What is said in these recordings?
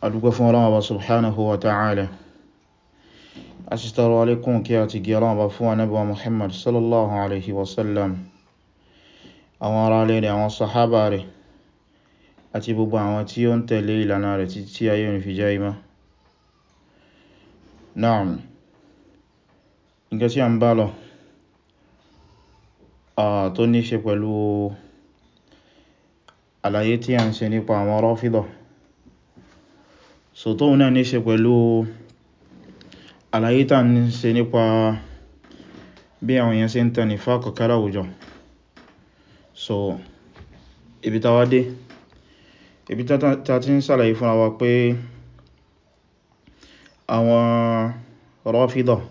adúgbò fún Ọlọ́run Ọba subhanahu wa ta'ala a sì tọrọ alékún kí a ti gẹ Ọlọ́run Ọba fún anábíwa Muhammad sallallahu alaihi wasallam àwọn ará ilé rẹ̀ àwọn sahaba rẹ̀ àti gbogbo àwọn tí ó ń tẹ̀lé ìlànà rẹ̀ títí ayé òní fi jẹ́ imá so tóun náà ní ṣe pẹ̀lú àlàyé tàà ní ṣe nípa bí àwọn èèyàn ṣe ń tan nifaq kárí àwùjọ so ibi tá wá dé ibi tá ti ń ṣàlàyé fúnra wa pé àwọn Rāfidah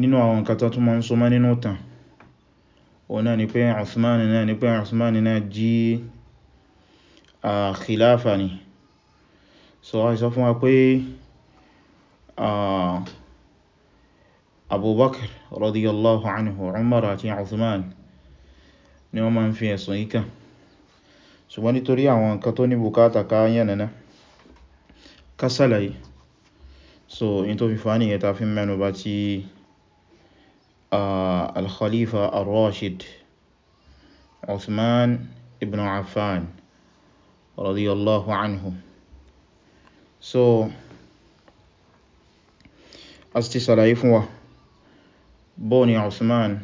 nínú àwọn nǹkan tó tún máa ń so mọ́ nínú ìtàn òun náà ni pé Uthman náà ni pé Uthman náà khilafa ni so wọ́n sọ fún wa pé abubakar radiyallahu anhu umar àti uthman ni wọ́n ma ń fi ẹ̀sùn yíká kàn ṣùgbọ́n nítorí àwọn nǹkan tó ní bùkátà ká yànnà ká ṣàlàyé so in tó fi fa ní ẹta fi mẹ́nu bá ti al-khalifa ar-rashid uthman ibn affan radiyallahu anhu so as sì ti sàlàyé fún wa bó ni Usman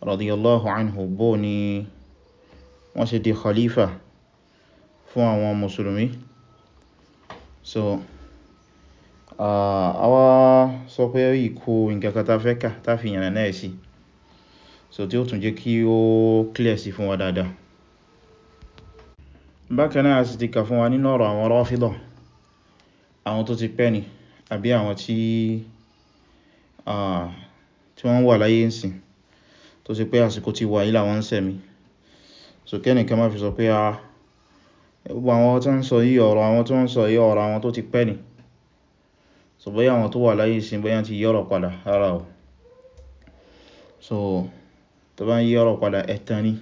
radiyallahu anhu bó ni wọ́n ṣe di khalifa fún àwọn musulmi so àwa sọ pé ìkó ìgagata fẹ́ ká tàfi yànà náà sí so tí ó tún jẹ́ kí ó clear sí fún wa dáadáa bákanáà sì ti kà fún wa nínú ọ̀rọ̀ àwọn Rāfidah àwọn tó ti pẹ́ ni àbí àwọn tí wọ́n wà láyé ńsìn tó ṣe pé àsìkò ti wà yìí làwọn ń sẹ̀mí so kẹ́nìkan má fi sọ pé a gbogbo àwọn tó ń sọ yí ọ̀rọ̀ àwọn tó ń sọ yí ọ̀rọ̀ àwọn tó ti pẹ́ ni so bóyá àwọn tó wà láyé ìsìn bóyá ti yọ́rọ̀ padà ara ọ̀ so tó bá ń yọ́rọ̀ padà ẹ̀tàn ni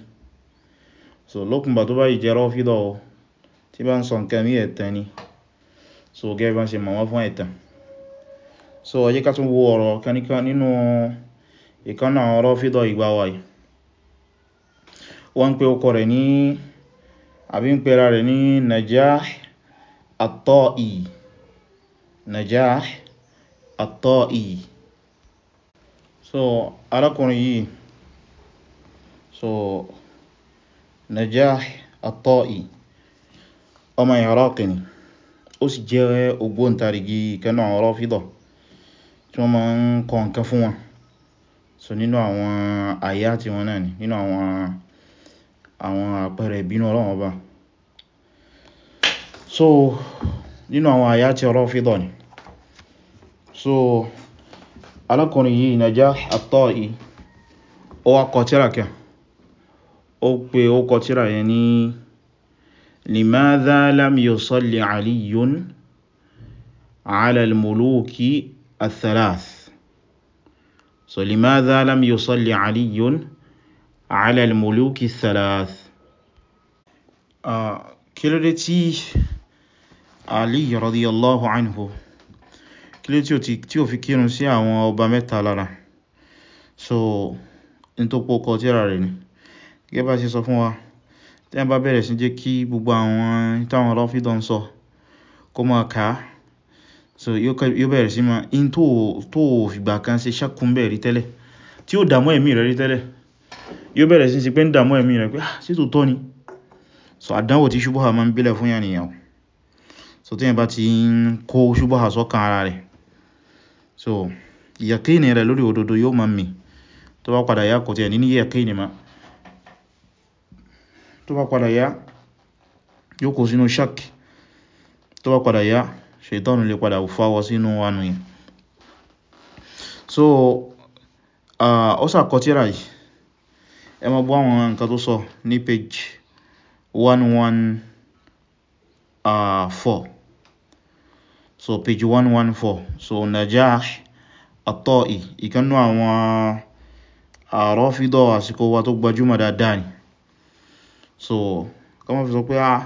so lókùnbà tó bá ìjẹ́rọ́ fídọ̀ tí bá ń sọ nǹkan ní ẹ̀tàn ni so gẹ́gẹ́ bá ṣe mọ̀ wọ́n fún ẹ̀tàn so ẹ jẹ́ ká tún wo ọ̀rọ̀ kaníkan nínú ìkánà ọ̀rọ̀ fídọ̀ ìgbà wa yìí wọ́n ń pe ọkọ rẹ̀ ní àbí ń pera rẹ̀ ní Najah at-Ta'i ọmọ Iraq ni ó sì jẹ́ ògbóǹtarìgì tarigi nínú àwọn Rāfidah tí wọ́n máa ń kọ nǹkan fún wọn so nínú àwọn àyá tí wọn náà ni nínú àwọn àwọn àpẹẹrẹ ìbínú Ọlọ́run Ọba so nínú àwọn àyá tí Rāfidah ni so alákùnrin yìí Najah at-Tā'i ó wá kọ tírà kan ó pe ó kọ tírà yẹn ní لماذا لم يصل علي على الملوك الثلاث so لماذا لم يصل علي على الملوك الثلاث آه، كل علي رضي الله عنه كل رتي تيو في كيرو سي اوان اوبا ميتا لارا so انتو بوكو تيرا رين كيفاش يصفوها tẹ́yàn bá bẹ̀rẹ̀ sí jẹ́ kí gbogbo àwọn táwọn Rāfidah ń sọ kó máa ká so yóò bẹ̀rẹ̀ sí máa in tó fìgbà kan ṣe ṣákùn bẹ̀rí tẹ́lẹ̀ tí ó dàmú ẹ̀mí rẹ̀ rí tẹ́lẹ̀ yóò bẹ̀rẹ̀ sí sí pé ń dàmú ẹ̀mí rẹ̀ pé sí ah, tó tọ́ ni so àdánwò tí ṣubúhà máa ń bílẹ̀ fún yàn so tẹ́yàn bá ti ń kó ṣubúhà so ìyàkíni rẹ̀ lórí òdodo yóò máa mì tó bá padà yá kò tẹ̀ ní tó bá padà yá yóò kó sínú shak tó bá padà yá ṣètọ́nù lè padà fáwọ sínú ànù yìí so ó sàkọtíra yìí ẹ ma bọ́ àwọn nǹkan tó sọ ní page 114 so page 114 so Najash at-Ta'i ìkannú àwọn àrọ́fídọ̀ àsìkò wa tó gbajúmọ̀ dáadáa ni so kí wọ́n fi sọ pé ah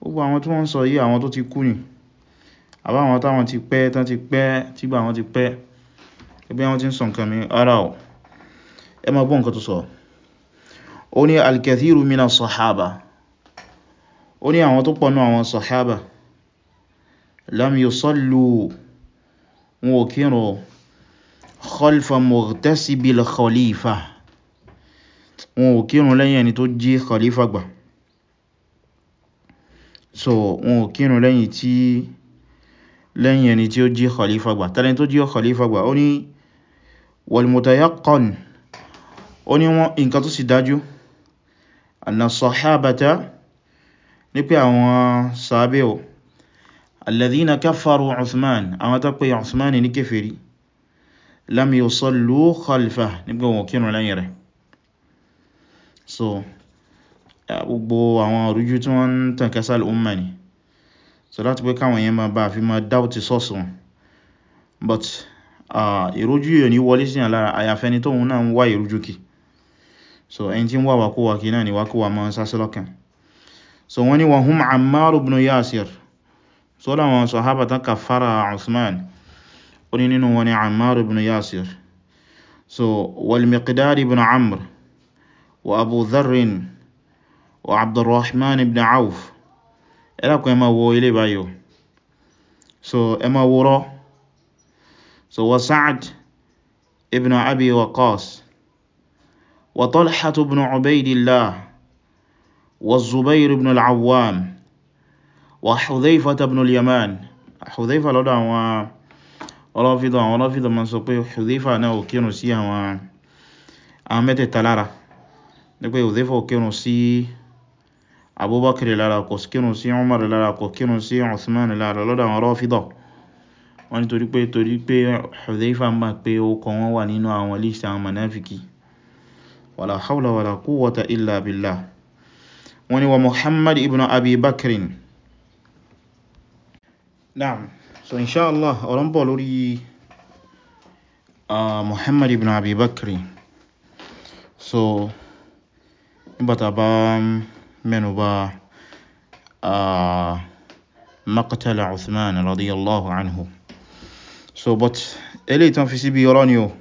gbogbo àwọn tí wọ́n ń sọ yìí àwọn tó ti kú ni àbá àwọn táwọn ti pẹ́ tán ti pẹ́ tígbà àwọn ti pẹ́ ẹgbẹ́ wọn ti ń sọ nǹkan mi ara ọ̀ ẹ ma gbọ́ nǹkan tó sọ ó ní al-kathiru mina sahaba ó ní àwọn tó pọ̀nà àwọn sahaba lam yusallu wọn ò kírùn khalfa mughtasibil khalifa wọn ò kírun lẹ́yìn ẹni tó jí khalifa gbà so wọn ò kírun lẹ́yìn tí lẹ́yìn ẹni tí ó jí khalifa gbà tẹ́lẹ̀ tó jí khalifa gbà ó ní walmutayaqqan ó ní wọn nǹkan tó sì dájú anna sahabata ní pé àwọn sàábẹ̀ ò alladhina kafaru Uthman àwọn tó pé Uthman ní kèfèrí lam yusallu khalfa nígbà wọn kírun lẹ́yìn rẹ̀ so gbogbo àwọn ìrújú tí wọ́n ń tàn ká sí al-ummah ni so láti pé káwọn èèyàn máa bá fi máa doubt source wọn but ìrújú yìí ní wọlé sí lára àyàfẹ́ni tóhun náà ń wá ìrújú kì so ẹni tí ń wà wákúwà kì náà ni wákúwà máa ń sásí lọ́kàn so wọ́n ni wọ́n hum Ammar ibn Yasir so láwọn sọ̀hábà tán kàfàrà Usman ó ní nínú wọn ni Ammar ibn Yasir so wal Miqdad ibn Amr وأبو ذر وعبد الرحمن بن عوف ẹlẹ́kùn ẹ máa wo ilé báyìí so ẹ máa wúrọ́ so wa Sa'd ibn Abi Waqqas wa Talha ibn Ubaydillah wa Zubayr ibn al-Awwam wa Hudhayfa ibn al-Yaman Hudhayfa lọ́dọ̀ àwọn ọlọ́fíìdọ̀ àwọn ọlọ́fíìdọ̀ ma sọ pé Hudhayfa náà ò kírùn sí àwọn mẹ́tẹ̀ẹ̀ta lára ní pé Hudhayfa kírùn sí Abubakar lára kò kírùn sí Umar lára kò kírùn sí Uthman lára lọ́dọ̀ àwọn Rāfidah wọ́n ní torí pé torí pé Hudhayfa ń bá pé ó kọ wọ́n wà nínú àwọn list àwọn manáfikì wala hawla wala quwwata illa billah wọ́n ní wa Muhammad ibn Abi Bakrin na'am so inshallah ọ̀rọ̀ ń bọ̀ lórí ah, Muhammad ibn Abi Bakrin so nígbà tá bá mẹ́nubà maqtala Uthman radiyallahu anhu so but eléyìí tán fi sí bí ni o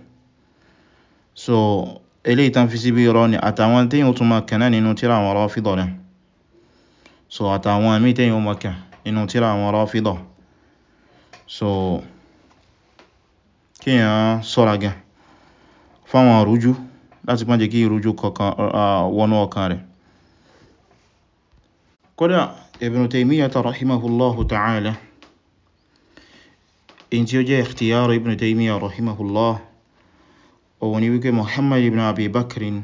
so eléyìí tán fi sí bí irọ́ ni àtàwọn téyàn tún máa kàn nínú tírà àwọn Rāfidah náà so àtàwọn àmì téyàn máa kàn nínú tírà àwọn Rāfidah so kíyàn ṣọ́ra gan fáwọn rújú láti má jẹ́ kí ìrújú kankan wọnú ọkàn rẹ̀ kódà Ibn Taymiyyah rahimahullahu ta'ala in tí ó jẹ́ ikhtiyar Ibn Taymiyyah rahimahullah òun ni wípé Muhammad ibn Abi Bakrin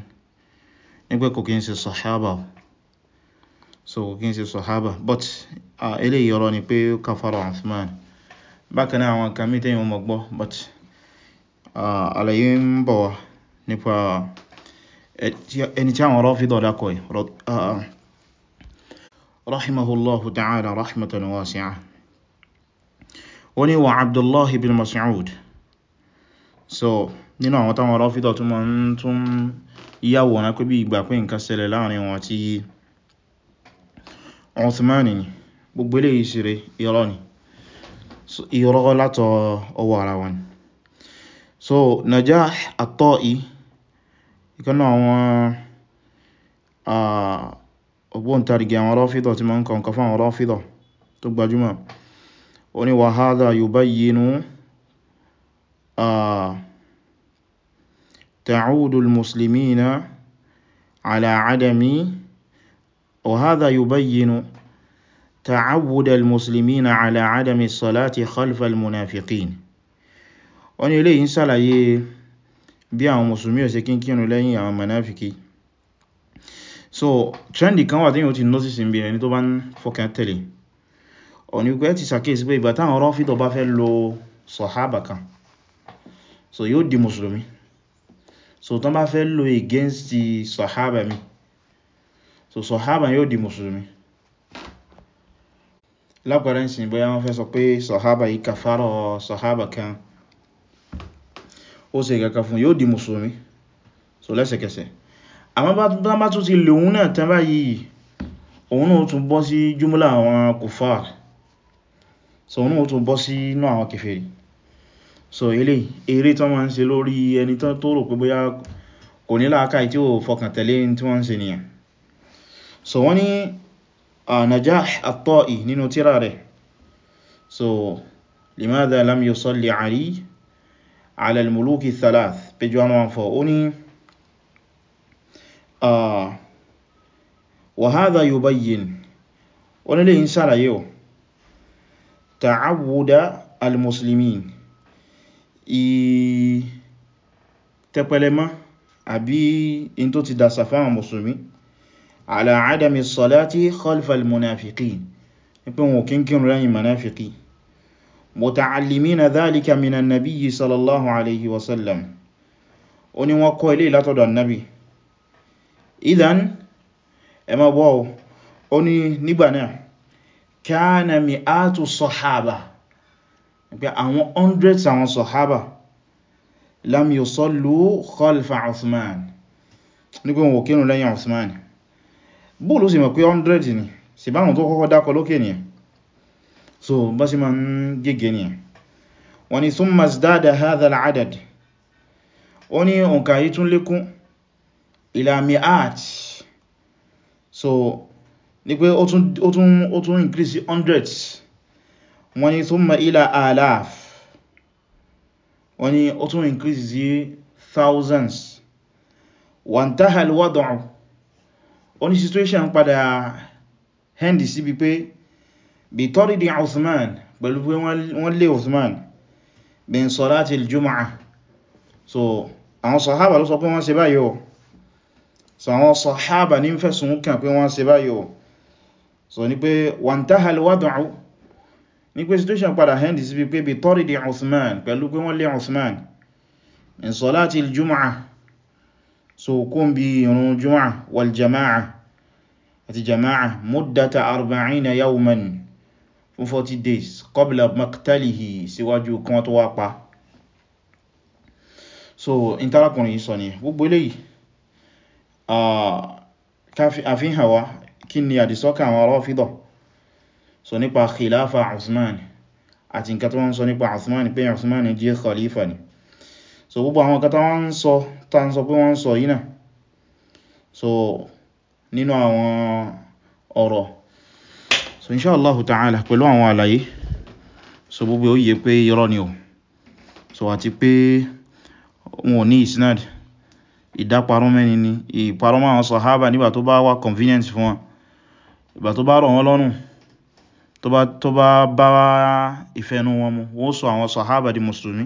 nígbẹ́ kò kí sahaba so kò kí sahaba but eléyìí ọ̀rọ̀ ni pé kafara Uthman bákanáà àwọn kan mítẹ́yìn ọmọ but àlàyé ń bọ̀ nípa ẹni tí àwọn Rāfidah dákọ̀ yìí rahimahullahu ta'ala rahmatan wasi'a wọ́n ni wa Abdullah ibn Mas'ud so nínú àwọn táwọn Rāfidah tún ma ń tún yàwó na pé bí ìgbà pé nǹkan ṣẹlẹ̀ láàrin wọn àti Uthmani gbogbo ilé ìṣirè irọ́ ni irọ́ látọ̀ ọwọ́ ara wọn so Najah at-Ta'i ìkan nínú àwọn ògbóntarìgì àwọn Rāfidah tí ma ń kọ̀ǹkan fún àwọn Rāfidah tó gbajúmọ̀ ó ní wa hādhā yubayyinu ta'ūdu al-muslimīna 'alā 'adami wa hādhā yubayyinu ta'awwuda al-muslimīna 'alā 'adami as-salāti khalfa al-munāfiqīn ó ní eléyìí ṣàlàyé bí àwọn mùsùlùmí ò ṣe kí ń kírun lẹ́yìn àwọn manáfikí so trend kan wà tíyàn ti notice ń bí ẹni tó bá ń fọkàn tẹ̀lé ọ̀nà ìpẹ́ ti sàkíyèsí pé ìgbà táwọn rọ́fídọ̀ bá fẹ́ lo sọ̀hábà kan so yóò di mùsùlùmí so tán bá fẹ́ lo against ti sọ̀hábà mi so sọ̀hábà yóò di mùsùlùmí lápẹẹrẹ ìsìn bóyá wọ́n fẹ́ sọ pé sọ̀hábà yìí kàfàrọ̀ sọ̀hábà kan ó ṣe ìkẹ́kẹ́ fún yóò di mùsùlùmí so lẹ́sẹ̀kẹsẹ̀ àmọ́ bá tún ti lè òun náà tán báyìí òun náà tún bọ́ sí jùmúlà àwọn kùfàr so òun náà tún bọ́ sí náà àwọn kèfèrí so eléyìí eré tán máa ń ṣe lórí ẹni tán tó rò pé bóyá kò ní láàkáì tí ó fọkàn tẹ̀lé tí wọ́n ń ṣe nìyàn so wọ́n ní Najah at-Ta'i nínú tírà rẹ̀ so limadha lam yusalli alayhi ala al-muluki thalath page 114 ó ní wa hadha yubayyin onílé yìí ń ṣàlàyé ọ̀ ta'awuda al-muslimin ìtẹpẹlẹmọ́ àbí in tó ti dàsà fáwọn musulmi ala adami salati khalfa al-munafiqin nípé wọn kí munafiki muta'allimina dhalika min an-nabiy sallallahu alayhi wa sallam ó ní wọ́n kọ́ ilé látọ̀dọ̀ annabi idan ẹmọ bọ́ ó ní nígbà náà kana mi'atu sahaba pé àwọn hundreds àwọn sahaba lam yusallu khalfa Uthman nígbà wọn kírun lẹ́yìn Uthman bóòlù sì mọ̀ pé 100 ni sì báwọn tó kọ́kọ́ dákọ lókè nìyàn so bá ṣe ma ń gẹ́gẹ́ ni wọ́n ni summa izdada hadha al-adad ó ní òǹkà yìí tún lékún ila mi'at so ní pé ó tún increase hundreds wọ́n ni summa ila alaf wọ́n ni ó tún increase sí thousands wa intaha al-wad'u ó ní situation padà hendi síbi pé bitọ́rìdì osman pẹ̀lú pé wọ́n lé osman bin sọ́láti juma'a so àwọn sọ̀hábà ló sọ pé wọ́n ṣe báyìí so àwọn sọ̀hábà ní fẹ̀sùn kàn pé wọ́n ṣe báyìí so ní pé wọ́n táhàlì wádùn ní pé situation padà hendi sí pé bitọ́rìdì osman pẹ̀lú pé wọ́n lé osman bin sọ́láti juma'a so kún bí irun juma'a wal jama'a àti jama'a muddata arba'ina yawman fún 40 days qabla maktalihi síwájú kan tó wá pa so in tarakunrin yìí sọ ni gbogbo eléyìí àfihàn wa kí ni àdìsọ́kà àwọn Rāfidah so nípa khilafa Uthman àti nǹkan tó wọ́n sọ nípa Uthman pé Uthman jẹ́ khalifa ni so gbogbo àwọn nǹkan tó wọ́n sọ tá ń sọ pé wọ́n sọ yìí náà so nínú àwọn ọ̀rọ̀ so insha Allahu ta'ala pẹ̀lú àwọn àlàyé so gbogbo ó yé pé irọ́ ni o so àti pé wọn ò ní isnad ìdáparọ́ mẹ́ni ni ìparọ́ máa sàhábà nígbà tó bá wà convenient fún wọn ìgbà tó bá rọ̀ wọ́n lọ́rùn tó bá bá ìfẹ́nu wọn mu wọ́n sọ àwọn sàhábà di mùsùlùmí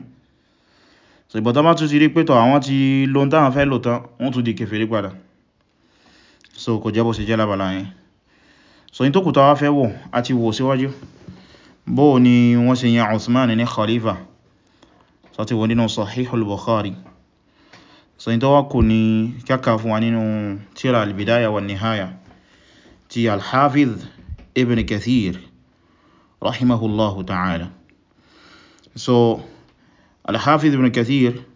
so ìgbà tó bá tún ti rí pé àwọn ti lóun fẹ́ lò wọ́n tún di kèfèrí padà so kò jẹ́ bó jẹ́ lábàlá yẹn so in tó kù tàwà fẹ́ wò àti wò síwájú bó ni wọ́n ṣe yan Usman ní khalifa so ti wọ́n nínú Sahihul Bukhari so in tó wá kù ní kíkà fún wa nínú tírà al-Bidaya wa Nihaya ti al-Hafiz Ibn Kathir rahimahullahu ta'ala so al-Hafiz Ibn Kathir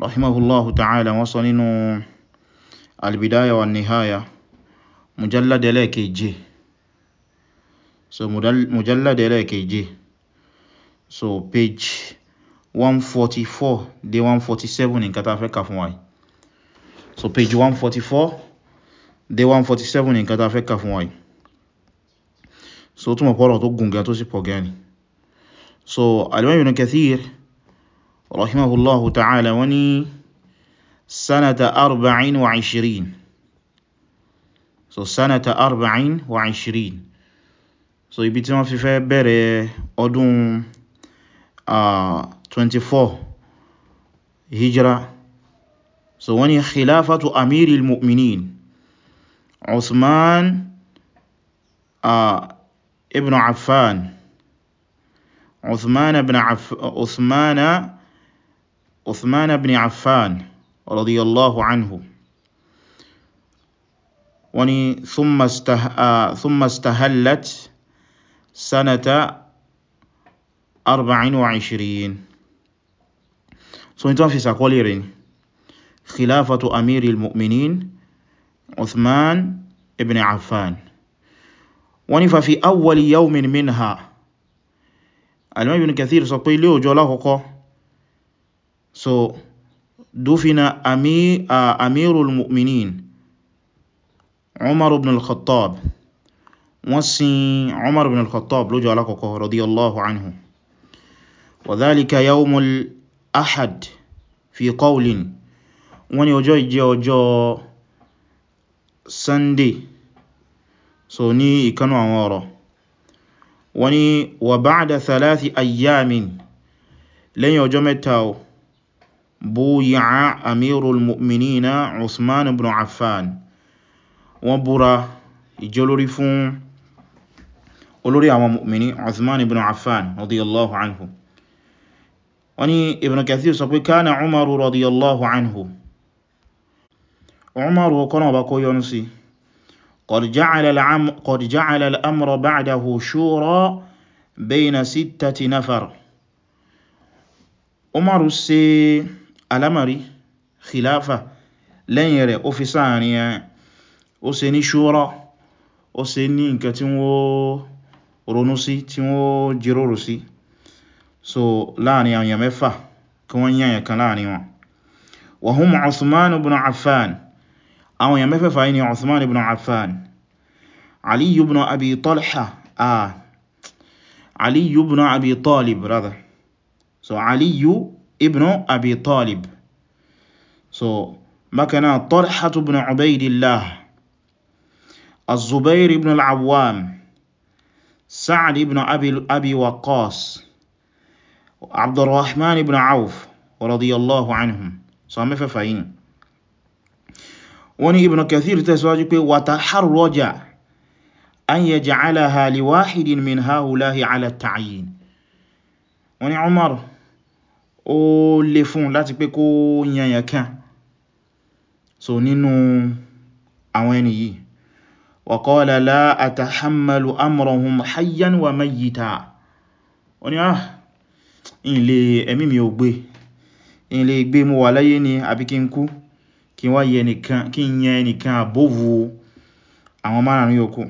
rahimahullahu ta'ala wọ́n sọ nínú al-Bidaya wa Nihaya mujalladi ẹlẹ́keje so mujalladi ẹlẹ́keje so page 144 dé 147 nǹkan ta fẹ́ kà fún wa yìí so page 144 dé 147 nǹkan ta fẹ́ kà fún wa yìí so túnmọ̀ pọ́lọ̀ tó gùn gan tó sì so alimam ibn kathir rahimahullahu ta'ala wani sanata arba'in wa so sanata arba'in wa ishirin so ibi tí wọ́n fi fẹ́ bẹ̀rẹ̀ ọdún uh, 24 hijira so wani khilafatu amiri al-mu'minin usman uh, ibn affan usman ibn affan usman ibn affan radiyallahu anhu wọ́n ni thumma stahallat sanata 24 so ni tó fi sàkọlì rẹ̀ ni khilafatu amiri al-mu'minin uthman ibn affan wọ́n ni fafi awwali yawmin minha alimọ́ ibn kathir sọ pé ilé òjò alákọ̀ọ́kọ́ so dúfina amirul mu'minin عمر بن الخطاب وصي عمر بن الخطاب لجلاله رضي الله عنه وذلك يوم الأحد في قول وني وجو جو سندي سوني كانوا عمره وني وبعد ثلاث ايام لن يجمتو بويع امير المؤمنين عثمان بن عفان wọ́n búra ìjólórí fún olórí àwọn mu'mini Uthman ibn Affan radiyallahu anhu wọ́n ní Ibn Kathir sọ pé kana Umaru radiyallahu anhu Umaru kọ́nà ọba kó yọnu sí qad ja'ala al-amra ba'dahu shura bayna sittati nafar Umaru ṣe alamari khilafa lẹ́yìn rẹ̀ ó ṣe ní ṣúrà ó ṣe ní nǹkan tí wọ́n ronú sí tí wọ́n jíròrò sí so láàrin àwọn èèyàn mẹ́fà kí wọ́n yàn kan láàrin wọn wa hum Uthman ibn Affan àwọn èèyàn mẹ́fẹ̀fà yìí ni Uthman ibn Affan Ali ibn Abi Talha ah Ali ibn Abi Talib so Ali ibn Abi Talib so bákan náà Talha ibn Ubaydillah الزبير بن العوام سعد بن أبي, أبي وقاص عبد الرحمن بن عوف رضي الله عنهم صامفة فاين وني ابن كثير تسواجك وتحرج أن يجعلها لواحد من هؤلاء على التعيين وني عمر ó lè fún láti pé kó yanyàn kan so nínú àwọn ẹni yìí وقال لا أتحمل أمرهم حيا وميتا ó ní ah ilé ẹ̀mí mi ò gbé ilé gbé mú wà láyé ni àbí kí n kú kí wá yẹ nìkan kí n yẹ nìkan àbóvú àwọn márùn-ún yòókù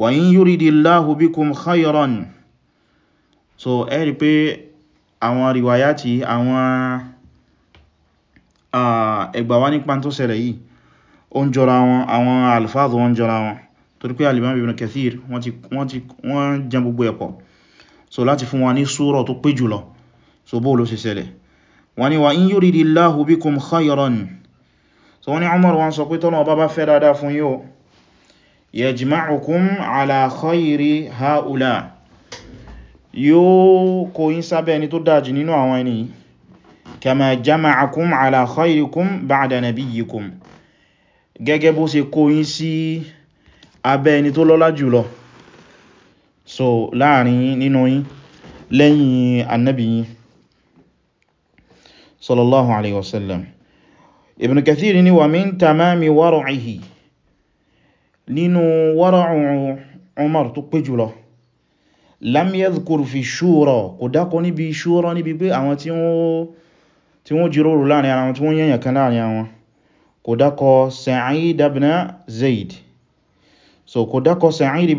wa in yuridillahu bikum so ẹ rí pé àwọn riwayati àwọn ah, ẹgbàwá nípa tó ṣẹlẹ̀ yìí wọ́n jọra wọn àwọn alfáàzù wọn jọra wọn torí pé al-Imam Ibn Kathir wọ́n jẹ gbogbo ẹ̀pọ̀ so láti fún wa ní súrọ̀ tó pé jùlọ so bóòlù sí ṣẹlẹ̀ wọ́n ni wa in yuridillahu bikum khayran so wọ́n ni Umar wọn sọ pé tọ́nà ọba bá fẹ́ dáadáa fún yóò yajma'ukum ala khayri ha'ula yóò kó yín sábẹ́ ẹni tó dájì nínú àwọn ẹni kama jama'akum ala khayrikum ba'da nabiyyikum gẹ́gẹ́ bó ṣe kó yín sí abẹ́ ẹni tó lọ́lá jùlọ so láàrin nínú yín lẹ́yìn annabi yín sallallahu alaihi wasallam ibn kathir ni wa min tamami war'ihi nínú war'u umar tó pé jùlọ lam yadhkur fi shura kò dákọ níbi shura níbi pé àwọn tí wọ́n jíròrò láàrin ara tí wọ́n yẹ̀yàn kan láàrin àwọn kò dákọ Sa'id ibn Zaid so kò dákọ Sa'id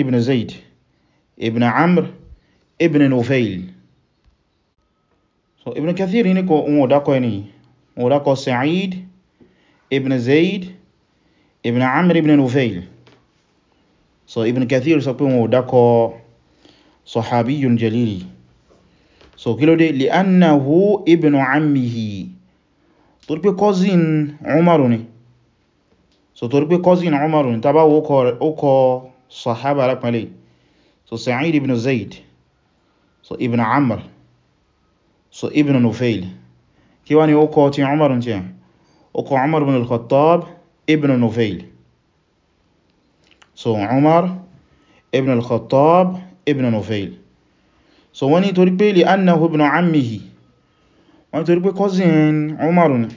ibn Zaid uh, ibn Amr ibn Nufail so Ibn Kathir ní kò wọn dákọ ẹni wọn dákọ Sa'id ibn Zaid ibn Amr ibn Nufail so Ibn Kathir sọ pé wọn dákọ sahabiyun jalili so kí ló dé li'annahu ibn ammihi torí pé cousin umaru ni so torí cousin umaru ni tàbá ó kọ sahaba alápẹ́lẹ̀ so sa'id ibn zaid so ibn amr so ibn nufail kí wá ni ó kọ ti umaru ti ó kọ umar ibn al-khattab ibn nufail so umar ibn al-khattab ibn nufail so wani torí pé li annahu ibn ammihi wọ́n torí pé cousin umaru ni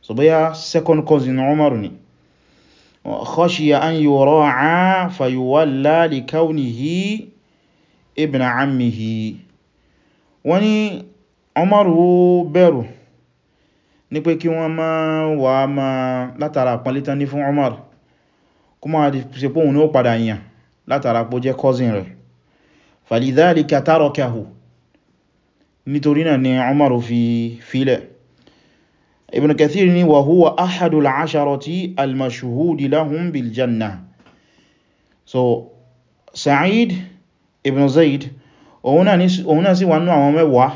so bóyá second cousin umaru ni khashiya an yura'a fayuwalla li kawnihi ibn ammihi wọ́n ní umaru bẹ̀rù ní pé kí wọ́n má wà má látara pọ̀lítán ní fún umaru kó máa ṣe pé òun ní ó padà yàn látara cousin rẹ̀ falidhalika tarakahu nítorí náà ni Umaru fi filẹ̀ Ibn Kathir ni wa huwa ahadul asharati al-mashhudi lahum bil janna so Sa'id ibn Zaid òun náà sì wà nínú àwọn mẹ́wàá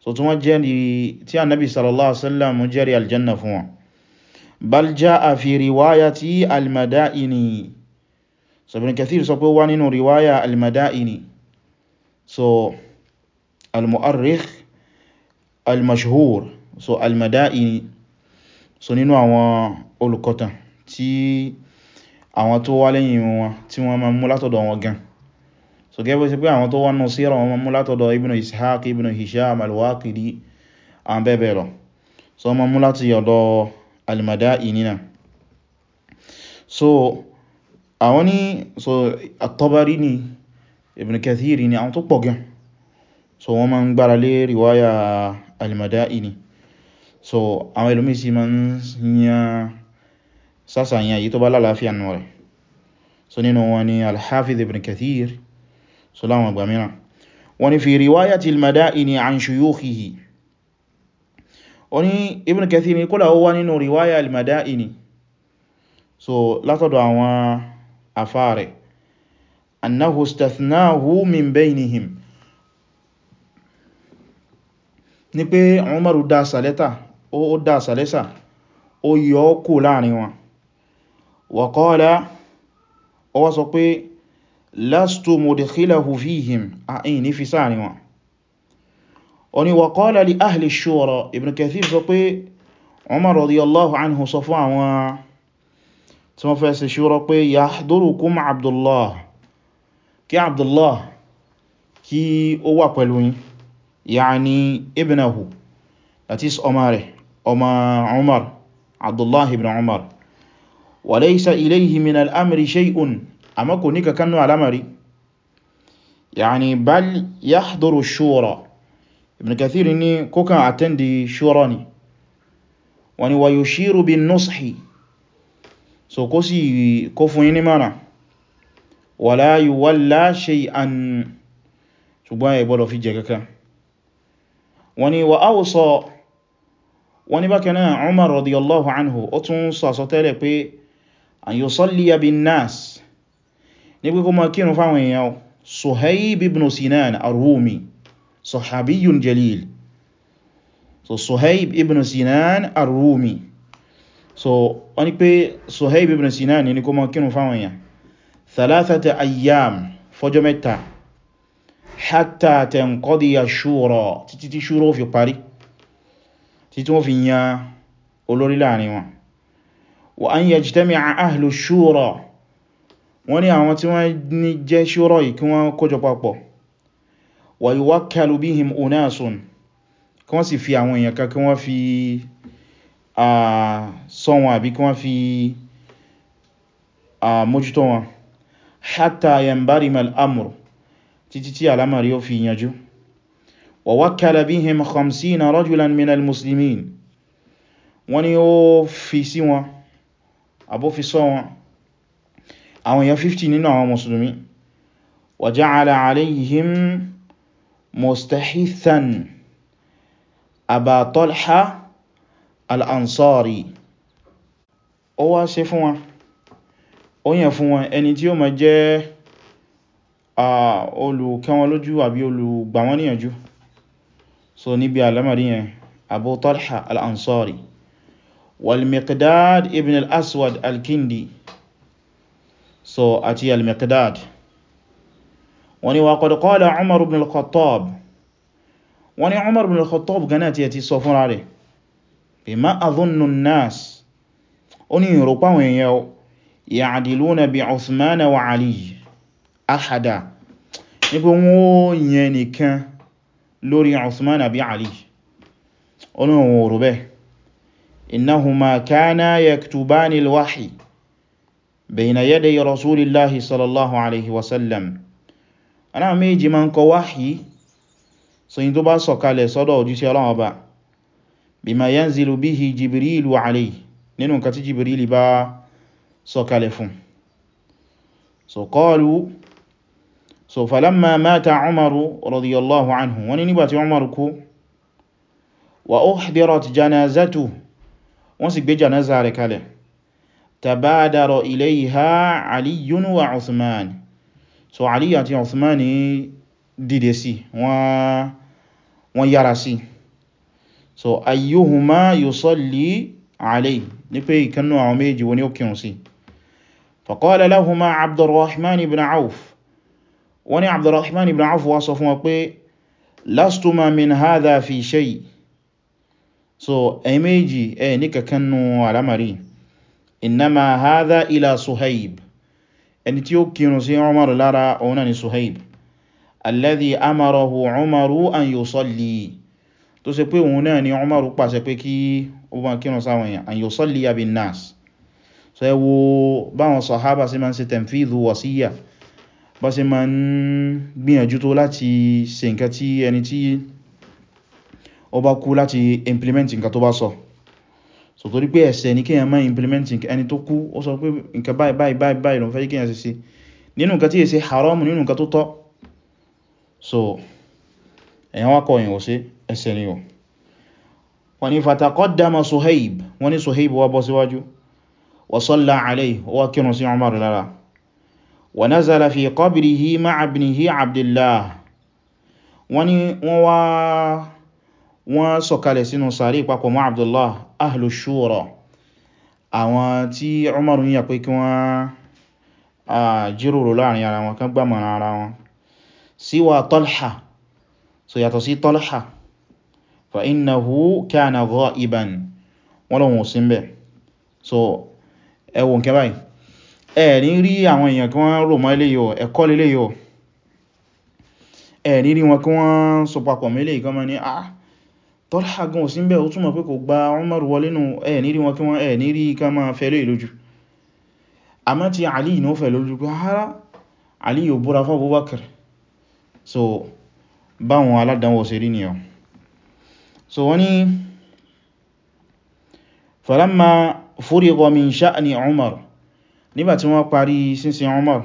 so tí wọ́n jẹ́ ni tí Ànábì sallallahu alaihi wasallam jẹ́rìí aljanna fún wọn bal jaa fi riwayati al-Madaini so Ibn Kathir sọ pé wá nínú riwaya al-Madaini so al-mu'arrikh al-mashhur so al-madaini so nínú àwọn olùkọtàn tí àwọn tó wá lẹ́yìn wọn tí wọ́n ma mú látọ̀dọ̀ wọn gan so gẹ́gẹ́ bó ṣe pé àwọn tó wá nù síra wọn ma mú látọ̀dọ̀ ibn ishaq ibn hisham al-waqidi àwọn bẹ́ẹ̀ so ma mú láti yọ̀dọ̀ al-madaini náà so àwọn ní so at-tabari ni ibn kathiri ni àwọn tó pọ̀ gan so wọ́n ma ń gbára lé riwaya al-Madaini so àwọn ẹlòmí sì ma ń yan sásàyàn èyí tó bá lálàáfíà nù rẹ̀ so nínú wọn ni al-Hafiz ibn Kathir so láwọn ìgbà mìíràn wọ́n ni fi riwayati al-Madaini an shuyukhihi wọ́n ni ibn Kathir ni kódà ó annahu stathnahu min bainihim ní pé Umaru dá sàlẹ́sà ó dá sàlẹ́sà ó yọ ọ́ kù láàrin wọn wa qala ó wá sọ pé lastu mudkhilahu fihim àìyìn ní fi sáàrin wọn ó ní wa qala li ahli shura Ibn Kathir sọ pé Umar radiyallahu anhu sọ fún àwọn tí wọ́n fẹ́ ṣe shura pé yahdurukum Abdullah kí Abdullah kí ó wà pẹ̀lú yín يعني ابنه that is ọmọ rẹ̀ ọmọ Umar Abdullah ibn Umar wa laysa ilayhi min al-amri shay'un amma kò ní kankan nínú al'amari yani bal yahduru shura ibn Kathir ni kókan attendi shura ni wani wa yushiru bin nushi so kó sì kó fún yí ní mana wala yuwalla shay'an ṣùgbọ́n ẹ̀bọ́dọ̀ fi jẹ kankan wọ́n ni wa awsa wọ́n ni bákanáà Umar radiyallahu anhu ó tún sàsọ tẹ́lẹ̀ pé an yusalliya bin nas ní pé kó ma kírun fáwọn èèyàn Suhaib ibn Sinan ar-Rumi sahabiyun jalil so Suhaib ibn Sinan ar-Rumi so wọ́n ni pé Suhaib ibn Sinan ni kó ma kírun fáwọn èèyàn thalathata ayyam fọ́jọ́ mẹ́ta hatta tanqadiya shura títí tí shura fi parí títí wọ́n fi yan olórí láàrin wọn wa an yajtami'a ahlu shura wọ́n ní àwọn tí wọ́n ní jẹ́ shura yìí kí wọ́n kójọ papọ̀ wa yuwakkalu bihim unasun kí wọ́n sì fi àwọn èèyàn kan kí wọ́n fi sọ àbí kí wọ́n fi mójútó wọn hatta yanbarima al-amru títí tí alamari ó fi yanjú wa wakkala bihim khamsina rajulan minal muslimin wọ́n ni ó fi sí wọn abó fi sọ wọn àwọn èèyàn 50 nínú àwọn musulmi wa ja'ala alayhim mustahithan Aba Talha ó wá ṣe fún wọn ó yàn fún wọn ẹni tí ó ma jẹ́ olùkẹ́ wọn lójú àbí olùgbà wọn níyànjú so níbi alamari yẹn abu talha al'ansari walmiqdad ibn al'aswad al-kindi so àti al-miqdad wọ́n ní wa qad qala umar ibn al-khattab wọ́n ní umar ibn al-khattab gana ti ti sọ fúnra rẹ̀ bima adhunnu an-nas ó ní ìrọ̀páwọn èèyàn ya'diluna bi uthman wa ali ahada ní pé wọ́n ó yẹn nìkan lórí Usman àbí Ali ọlọ́run ò rò bẹ́ẹ̀ innahuma kana yaktubani al-wahyi bayna yaday rasulillahi sallallahu alaihi wasallam ara méjì ma ń kọ wáhìí sọyìn tó bá sọ̀kalẹ̀ sọ́dọ̀ òjíṣẹ́ Ọlọ́run Ọba bima yanzilu bihi Jibrilu alayhi nínú nǹkan tí bá sọ̀kalẹ̀ fún so qalu so falamma mata umaru radiyallahu anhu wani nígbàtí umar kú wa uhdirat janazatu wọ́n sì gbé janaza rẹ̀ kalẹ̀ tabadaro ilayha aliyun wa usman so ali àti usman dìde sí wọ́n yára sí so ayyuhuma yusalli alayhi ní pé ìkannu àwọn méjì wani ó kírun sí abdurrahman ibn auf wọ́n ní abdurrahman ibn afu wá sọ fún wọn pé lastuma min hadha fi shay so ẹ̀mẹ́jì ẹ̀ ní kankannu alamari innama hadha ila suhaib ẹni tí ó kírun sí umaru lára ọ̀nà ni suhaib alladhi amarahu umaru an yusalli tó ṣe pé òun náà ni umaru pàṣẹ pé kí ó bá kírun sáwọn èèyàn an yusalli abin nas so ẹ wo báwọn sahaba sí ma ń ṣe wasiyya bá ṣe ma ń gbìyànjú tó láti ṣe nǹkan tí ẹni tí ó bá kú láti implement nǹkan tó bá sọ so torí pé ẹ̀ṣẹ̀ ní kíyàn máa implement ẹni tó kú ó sọ pé nǹkan báyìí báyìí báyìí báyìí lòun fẹ́ kíyàn sí sí nínú nǹkan tí è ṣe haram nínú nǹkan tó tọ́ so èyàn wákọ̀ èyàn ò sí ẹ̀ṣẹ̀ ni ò wọ́n ni fataqaddama Suhaib wọ́n ni Suhaib wá bọ́ síwájú wa salla alayhi ó wá kírun sí Umar lára ونزل في قبره مع ابنه عبد الله wọ́n ní wọ́n wá wọ́n sọ̀kalẹ̀ sínú sàárì papọ̀ mọ́ Abdullah ahlu shura àwọn tí Umaru yà pé kí wọ́n jíròrò láàrin ara wọn kan gbàmọ̀ràn ara wọn síwá Talha so yàtọ̀ sí Talha fa innahu kana ghaiban wọ́n lọ́wọ́ sí so ẹwọ nkẹ ẹ̀ẹ̀rí rí àwọn èèyàn kí wọ́n rò mọ́ eléyìí o ẹ̀kọ́ leléyìí o ẹ̀ẹ̀rí rí wọn kí wọ́n so papọ̀ mọ́ eléyìí kan mọ́ ní ah Talha gan ò sí ń bẹ̀ ó túnmọ̀ pé kò gba Umar wọlé nù ẹ̀ẹ̀rí rí wọn kí wọ́n ẹ̀ẹ̀rí rí ká máa fẹ́ lóyìí so báwọn aládánwò ṣe rí so wọ́n ni falamma furiqa min sha'ni nígbàtí wọ́n parí sínsin Umar